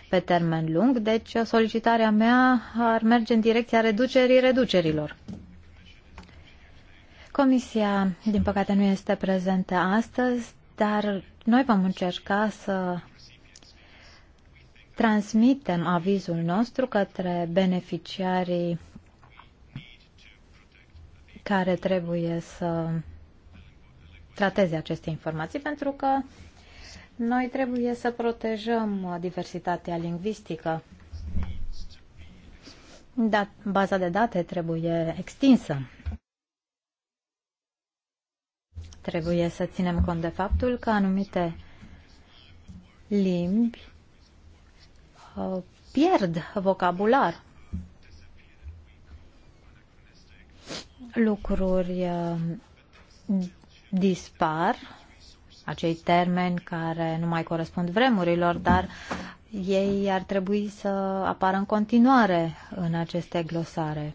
pe termen lung, deci solicitarea mea ar merge în direcția reducerii reducerilor. Comisia, din păcate, nu este prezentă astăzi, dar noi vom încerca să transmitem avizul nostru către beneficiarii care trebuie să trateze aceste informații, pentru că noi trebuie să protejăm diversitatea lingvistică. Da, baza de date trebuie extinsă Trebuie să ținem cont de faptul că anumite limbi uh, pierd vocabular. Lucruri uh, dispar, acei termeni care nu mai corespund vremurilor, dar ei ar trebui să apară în continuare în aceste glosare.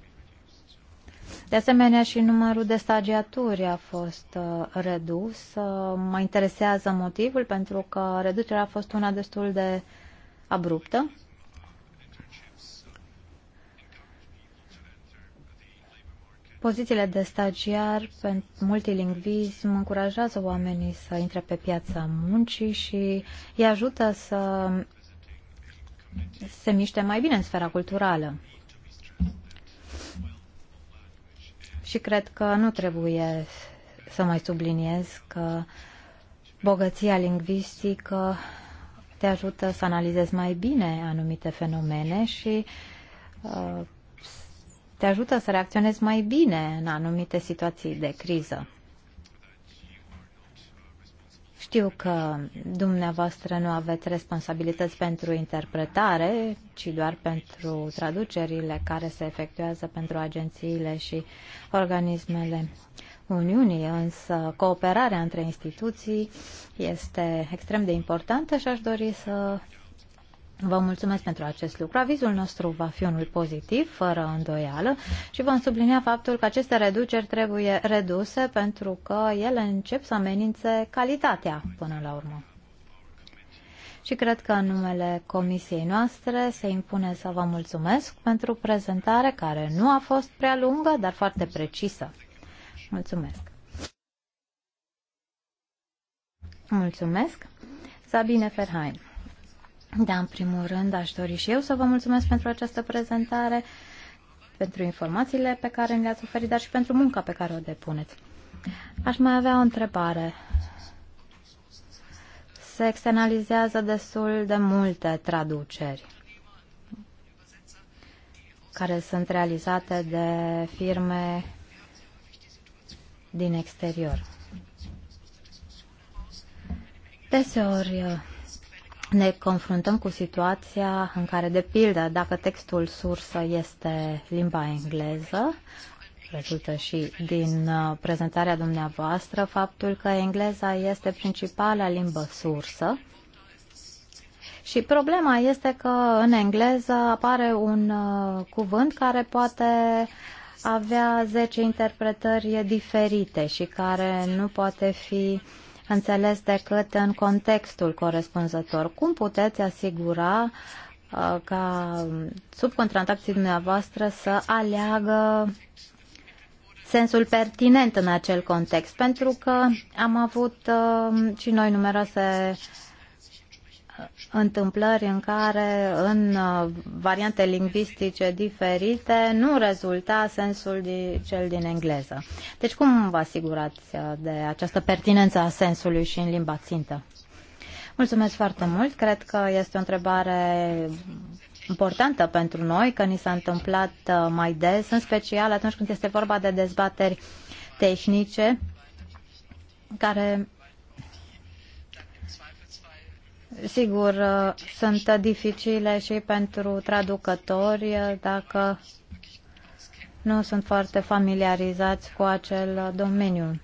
De asemenea, și numărul de stagiaturi a fost uh, redus. Uh, mă interesează motivul, pentru că reducerea a fost una destul de abruptă. Pozițiile de stagiar pentru multilingvism încurajează oamenii să intre pe piața muncii și îi ajută să se miște mai bine în sfera culturală. și cred că nu trebuie să mai subliniez că bogăția lingvistică te ajută să analizezi mai bine anumite fenomene și uh, te ajută să reacționezi mai bine în anumite situații de criză. Știu că dumneavoastră nu aveți responsabilități pentru interpretare, ci doar pentru traducerile care se efectuează pentru agențiile și organismele Uniunii, însă cooperarea între instituții este extrem de importantă și aș dori să Vă mulțumesc pentru acest lucru. Avizul nostru va fi unul pozitiv, fără îndoială, și vom sublinia faptul că aceste reduceri trebuie reduse pentru că ele încep să amenințe calitatea până la urmă. Și cred că în numele comisiei noastre se impune să vă mulțumesc pentru prezentare care nu a fost prea lungă, dar foarte precisă. Mulțumesc! Mulțumesc! Sabine Ferhain da, în primul rând aș dori și eu să vă mulțumesc pentru această prezentare, pentru informațiile pe care mi le-ați oferit, dar și pentru munca pe care o depuneți. Aș mai avea o întrebare. Se externalizează destul de multe traduceri care sunt realizate de firme din exterior. Deseori ne confruntăm cu situația în care, de pildă, dacă textul sursă este limba engleză, rezultă și din uh, prezentarea dumneavoastră faptul că engleza este principala limbă sursă. Și problema este că în engleză apare un uh, cuvânt care poate avea 10 interpretări diferite și care nu poate fi uh, înțeles decât în contextul corespunzător. Cum puteți asigura uh, ca subcontractații dumneavoastră să aleagă sensul pertinent în acel context, pentru că am avut uh, și noi numeroase întâmplări în care în uh, variante lingvistice diferite nu rezulta sensul de cel din engleză. Deci cum vă asigurați uh, de această pertinență a sensului și în limba țintă? Mulțumesc foarte mult. Cred că este o întrebare importantă pentru noi, că ni s-a întâmplat uh, mai des, în special atunci când este vorba de dezbateri tehnice care Sigur, uh, sunt dificile și pentru traducători uh, dacă nu sunt foarte familiarizați cu acel uh, domeniu.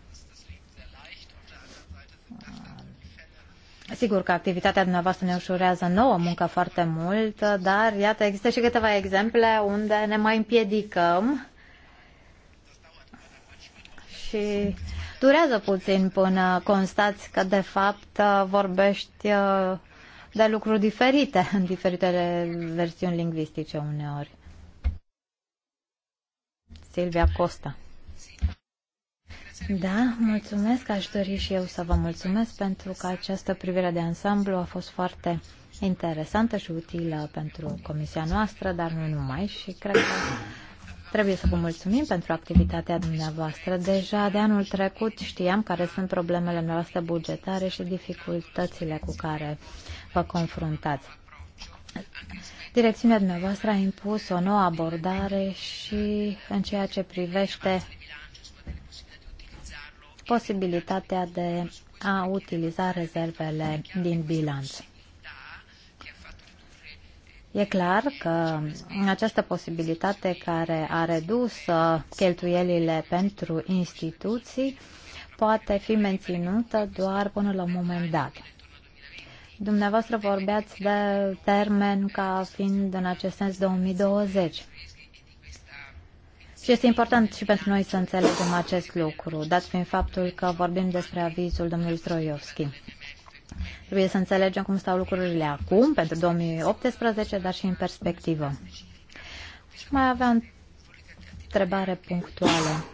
Sigur că activitatea dumneavoastră ne ușurează nouă muncă foarte mult, dar iată, există și câteva exemple unde ne mai împiedicăm și durează puțin până constați că de fapt uh, vorbești uh, de lucruri diferite (laughs) în diferitele versiuni lingvistice uneori. Silvia Costa. Da, mulțumesc. Aș dori și eu să vă mulțumesc pentru că această privire de ansamblu a fost foarte interesantă și utilă pentru comisia noastră, dar nu numai și cred că Trebuie să vă mulțumim pentru activitatea dumneavoastră. Deja de anul trecut știam care sunt problemele noastre bugetare și dificultățile cu care vă confruntați. Direcțiunea dumneavoastră a impus o nouă abordare și în ceea ce privește posibilitatea de a utiliza rezervele din bilanț. E clar că această posibilitate care a redus uh, cheltuielile pentru instituții poate fi menținută doar până la un moment dat. Dumneavoastră vorbeați de termen ca fiind în acest sens 2020. Și este important și pentru noi să înțelegem acest lucru, dat fiind faptul că vorbim despre avizul domnului Stroiovski. Trebuie să înțelegem cum stau lucrurile acum, pentru 2018, dar și în perspectivă. Și mai aveam întrebare punctuală.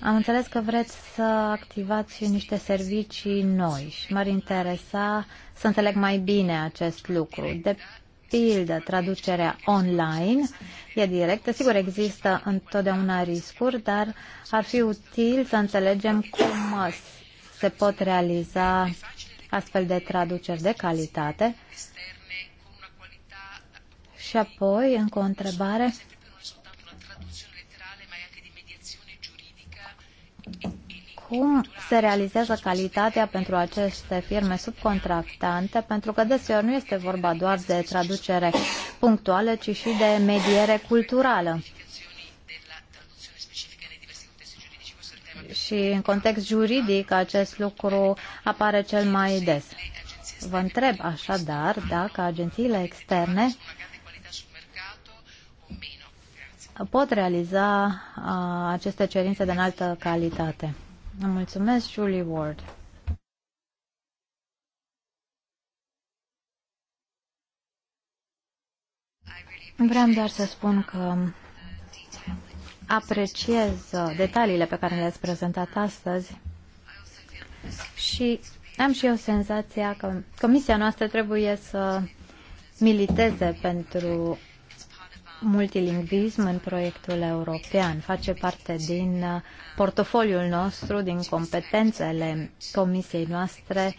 Am înțeles că vreți să activați niște servicii noi și m-ar interesa să înțeleg mai bine acest lucru. De pildă, traducerea online e directă. Sigur, există întotdeauna riscuri, dar ar fi util să înțelegem cum se pot realiza astfel de traduceri de calitate. Și apoi, încă o întrebare. Cum se realizează calitatea pentru aceste firme subcontractante? Pentru că deseori nu este vorba doar de traducere punctuală, ci și de mediere culturală. și în context juridic acest lucru apare cel mai des. Vă întreb așadar dacă agențiile externe pot realiza aceste cerințe de înaltă calitate. Mulțumesc, Julie Ward. Vreau doar să spun că apreciez uh, detaliile pe care le-ați prezentat astăzi și am și eu senzația că comisia noastră trebuie să militeze pentru multilingvism în proiectul european. Face parte din uh, portofoliul nostru, din competențele comisiei noastre,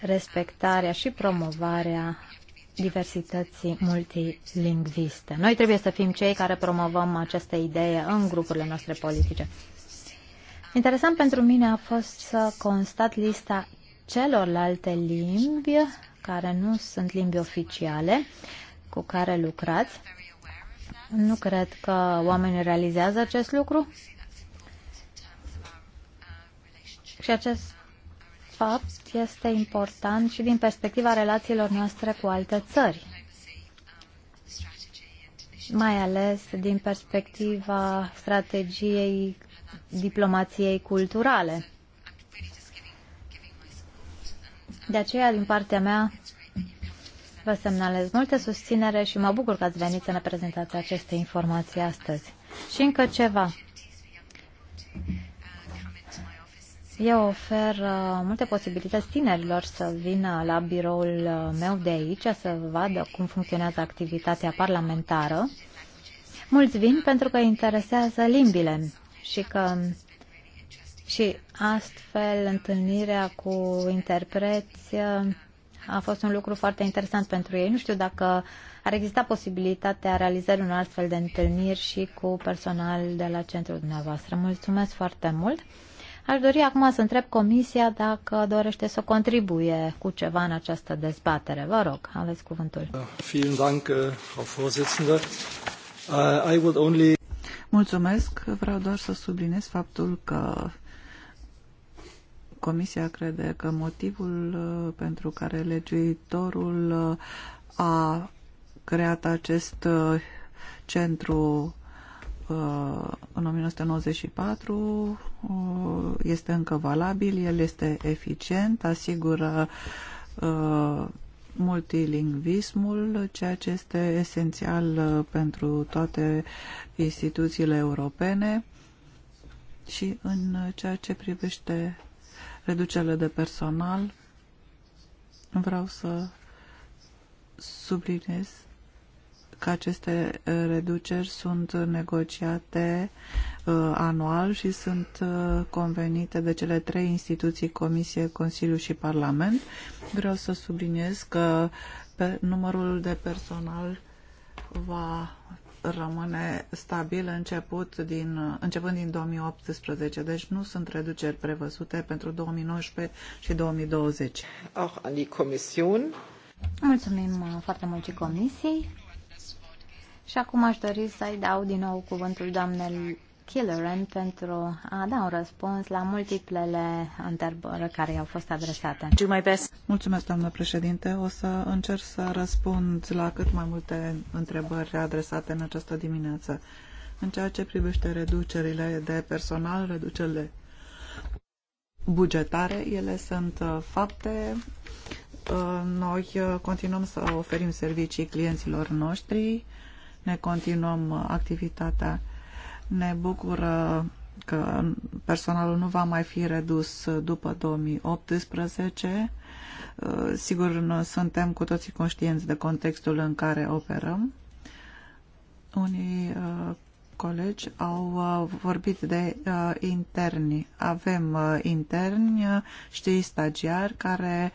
respectarea și promovarea diversității multilingviste. Noi trebuie să fim cei care promovăm această idee în grupurile noastre politice. Interesant pentru mine a fost să constat lista celorlalte limbi care nu sunt limbi oficiale cu care lucrați. Nu cred că oamenii realizează acest lucru. Și acest fapt, este important și din perspectiva relațiilor noastre cu alte țări, mai ales din perspectiva strategiei diplomației culturale. De aceea, din partea mea, vă semnalez multă susținere și mă bucur că ați venit să ne prezentați aceste informații astăzi. Și încă ceva. Eu ofer multe posibilități tinerilor să vină la biroul meu de aici, să vadă cum funcționează activitatea parlamentară. Mulți vin pentru că interesează limbile și că și astfel întâlnirea cu interpreți uh, a fost un lucru foarte interesant pentru ei. Nu știu dacă ar exista posibilitatea realizării unor astfel de întâlniri și cu personal de la centrul dumneavoastră. Mulțumesc foarte mult! Aș dori acum să întreb Comisia dacă dorește să contribuie cu ceva în această dezbatere. Vă rog, aveți cuvântul. Äh, äh, Mulțumesc. Vreau doar să subliniez faptul că Comisia crede că motivul uh, pentru care legiuitorul uh, a creat acest uh, centru 1994, uh, uh, este încă valabil, el este eficient, asigură uh, multilingvismul, ceea ce este esențial pentru toate instituțiile europene și în ceea ce privește reducerile de personal, vreau să subliniez că aceste uh, reduceri sunt negociate uh, anual și sunt uh, convenite de cele trei instituții, Comisie, Consiliu și Parlament. Vreau să subliniez că numărul de personal va rămâne stabil început din, începând din 2018, deci nu sunt reduceri prevăzute pentru 2019 și 2020. Auch an die Kommission. Mulțumim foarte mult și comisiei. Și acum aș dori să-i dau din nou cuvântul doamnei Killeren pentru a da un răspuns la multiplele întrebări care i-au fost adresate. Mulțumesc, doamnă președinte. O să încerc să răspund la cât mai multe întrebări adresate în această dimineață. În ceea ce privește reducerile de personal, reducerile bugetare, ele sunt uh, fapte. Uh, noi uh, continuăm să oferim servicii clienților noștri ne continuăm activitatea. Ne bucură că personalul nu va mai fi redus după 2018. Uh, sigur, suntem cu toții conștienți de contextul în care operăm. Unii uh, colegi au uh, vorbit de interni. Avem interni, știi, stagiari care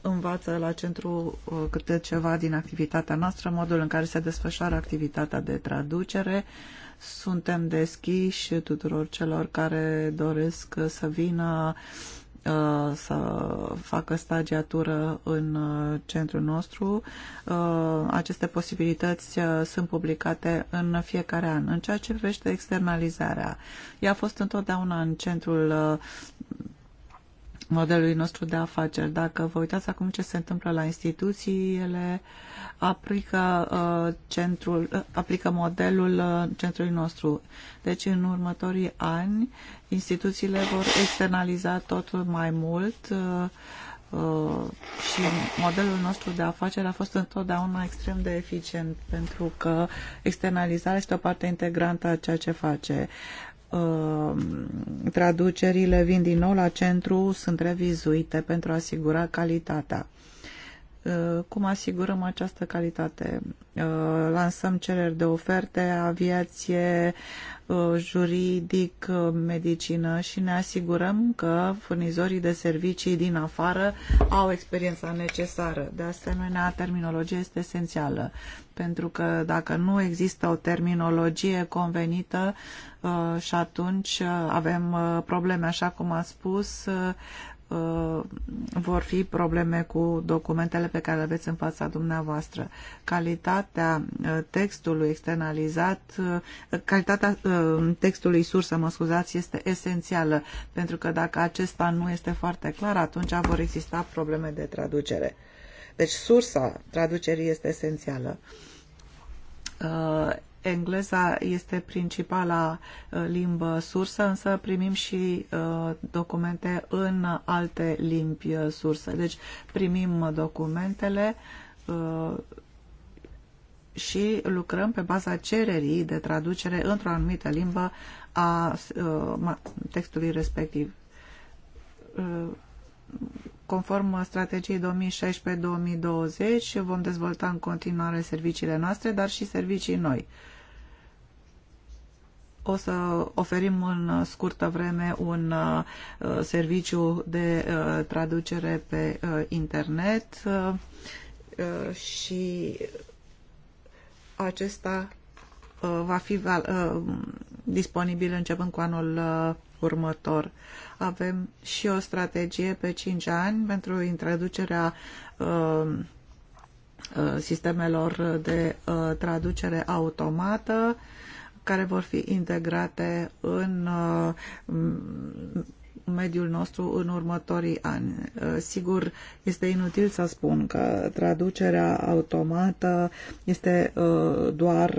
învață la centru uh, câte ceva din activitatea noastră, modul în care se desfășoară activitatea de traducere. Suntem deschiși tuturor celor care doresc să vină uh, să facă stagiatură în uh, centrul nostru. Aceste posibilități sunt publicate în fiecare an. În ceea ce privește externalizarea, ea a fost întotdeauna în centrul modelului nostru de afaceri. Dacă vă uitați acum ce se întâmplă la instituții, ele aplică, uh, centrul, uh, aplică modelul uh, centrului nostru. Deci în următorii ani instituțiile vor externaliza totul mai mult uh, Uh, și modelul nostru de afaceri a fost întotdeauna extrem de eficient pentru că externalizarea este o parte integrantă a ceea ce face. Uh, traducerile vin din nou la centru, sunt revizuite pentru a asigura calitatea. Uh, cum asigurăm această calitate? Uh, lansăm cereri de oferte, aviație, juridic, medicină și ne asigurăm că furnizorii de servicii din afară au experiența necesară. De asemenea, terminologia este esențială pentru că dacă nu există o terminologie convenită uh, și atunci uh, avem uh, probleme, așa cum a spus, vor fi probleme cu documentele pe care le aveți în fața dumneavoastră. Calitatea textului externalizat, calitatea textului sursă, mă scuzați, este esențială, pentru că dacă acesta nu este foarte clar, atunci vor exista probleme de traducere. Deci sursa traducerii este esențială. Uh, engleza este principala uh, limbă sursă, însă primim și uh, documente în alte limbi uh, sursă. Deci primim documentele uh, și lucrăm pe baza cererii de traducere într-o anumită limbă a uh, textului respectiv. Uh, conform strategiei 2016-2020 vom dezvolta în continuare serviciile noastre, dar și servicii noi. O să oferim în scurtă vreme un uh, serviciu de uh, traducere pe uh, internet și acesta va fi disponibil începând cu anul următor. Avem și o strategie pe 5 ani pentru introducerea uh, uh, sistemelor de uh, traducere automată care vor fi integrate în mediul nostru în următorii ani. Sigur, este inutil să spun că traducerea automată este doar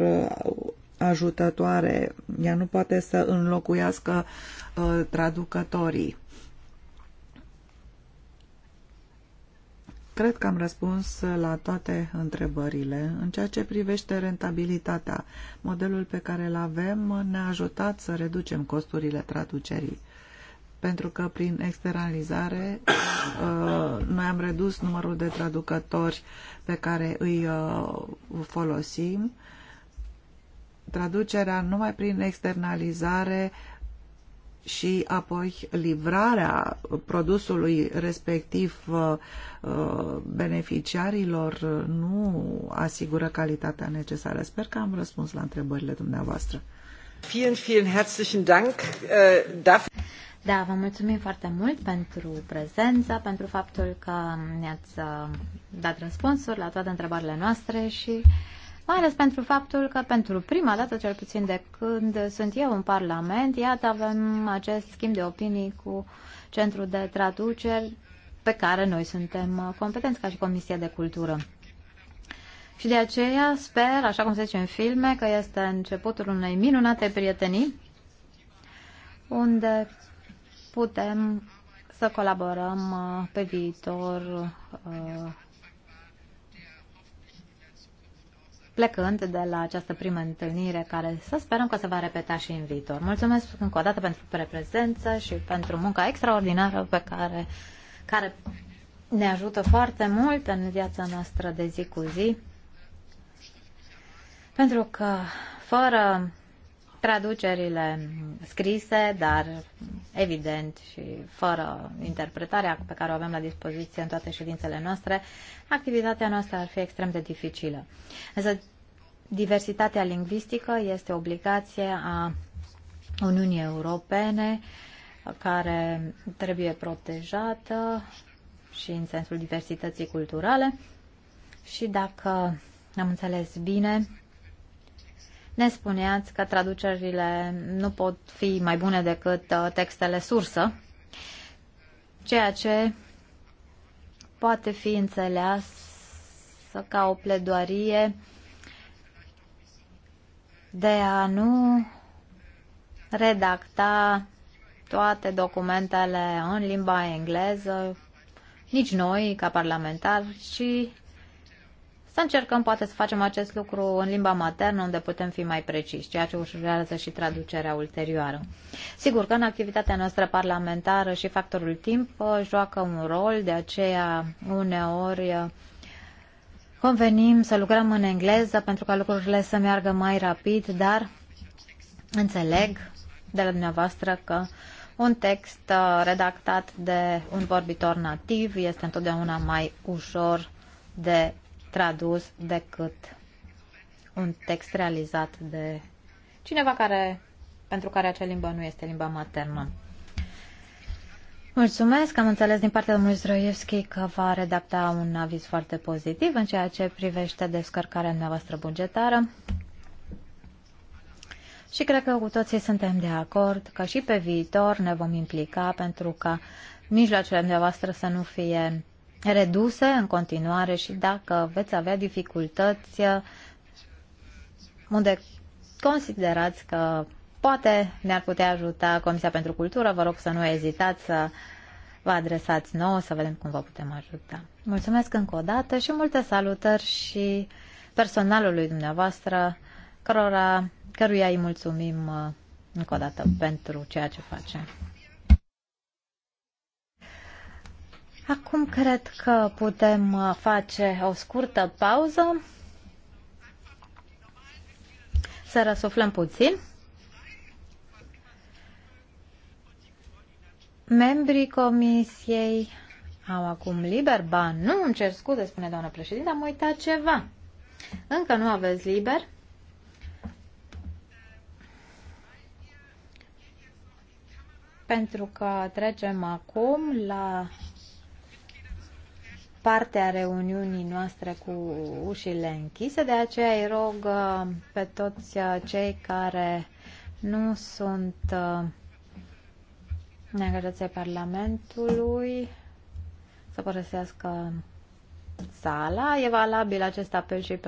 ajutătoare. Ea nu poate să înlocuiască uh, traducătorii. Cred că am răspuns la toate întrebările. În ceea ce privește rentabilitatea, modelul pe care îl avem ne-a ajutat să reducem costurile traducerii pentru că prin externalizare uh, noi am redus numărul de traducători pe care îi uh, folosim traducerea numai prin externalizare și apoi livrarea produsului respectiv uh, uh, beneficiarilor nu asigură calitatea necesară. Sper că am răspuns la întrebările dumneavoastră. Vielen, vielen herzlichen Dank. Äh, da, vă mulțumim foarte mult pentru prezența, pentru faptul că ne-ați uh, dat răspunsuri la toate întrebările noastre și mai ales pentru faptul că pentru prima dată, cel puțin de când sunt eu în Parlament, iată avem acest schimb de opinii cu centrul de traduceri pe care noi suntem competenți ca și Comisia de Cultură. Și de aceea sper, așa cum se zice în filme, că este începutul unei minunate prietenii unde putem să colaborăm pe viitor uh, plecând de la această primă întâlnire care să sperăm că se va repeta și în viitor. Mulțumesc încă o dată pentru prezență și pentru munca extraordinară pe care, care ne ajută foarte mult în viața noastră de zi cu zi. Pentru că fără traducerile scrise, dar evident și fără interpretarea pe care o avem la dispoziție în toate ședințele noastre, activitatea noastră ar fi extrem de dificilă. Însă diversitatea lingvistică este obligație a Uniunii Europene care trebuie protejată și în sensul diversității culturale și dacă am înțeles bine, ne spuneați că traducerile nu pot fi mai bune decât uh, textele sursă, ceea ce poate fi înțeles ca o pledoarie de a nu redacta toate documentele în limba engleză, nici noi, ca parlamentari, ci să încercăm poate să facem acest lucru în limba maternă, unde putem fi mai preciși, ceea ce ușurează și traducerea ulterioară. Sigur că în activitatea noastră parlamentară și factorul timp uh, joacă un rol, de aceea uneori uh, convenim să lucrăm în engleză pentru ca lucrurile să meargă mai rapid, dar înțeleg de la dumneavoastră că un text uh, redactat de un vorbitor nativ este întotdeauna mai ușor de tradus decât un text realizat de cineva care, pentru care acea limbă nu este limba maternă. Mulțumesc, am înțeles din partea domnului Zroievski că va redacta un aviz foarte pozitiv în ceea ce privește descărcarea noastră bugetară. Și cred că cu toții suntem de acord că și pe viitor ne vom implica pentru ca mijloacele dumneavoastră să nu fie reduse în continuare și dacă veți avea dificultăți unde considerați că poate ne-ar putea ajuta Comisia pentru Cultură, vă rog să nu ezitați să vă adresați nouă, să vedem cum vă putem ajuta. Mulțumesc încă o dată și multe salutări și personalului dumneavoastră, cărora, căruia îi mulțumim uh, încă o dată pentru ceea ce face. Acum cred că putem uh, face o scurtă pauză, să răsuflăm puțin. Membrii comisiei au acum liber? Ba, nu, îmi cer scuze, spune doamna președinte, am uitat ceva. Încă nu aveți liber? Pentru că trecem acum la parte a reuniunii noastre cu ușile închise, de aceea îi rog uh, pe toți uh, cei care nu sunt neangajați uh, Parlamentului să părăsească sala. E valabil acest apel și pe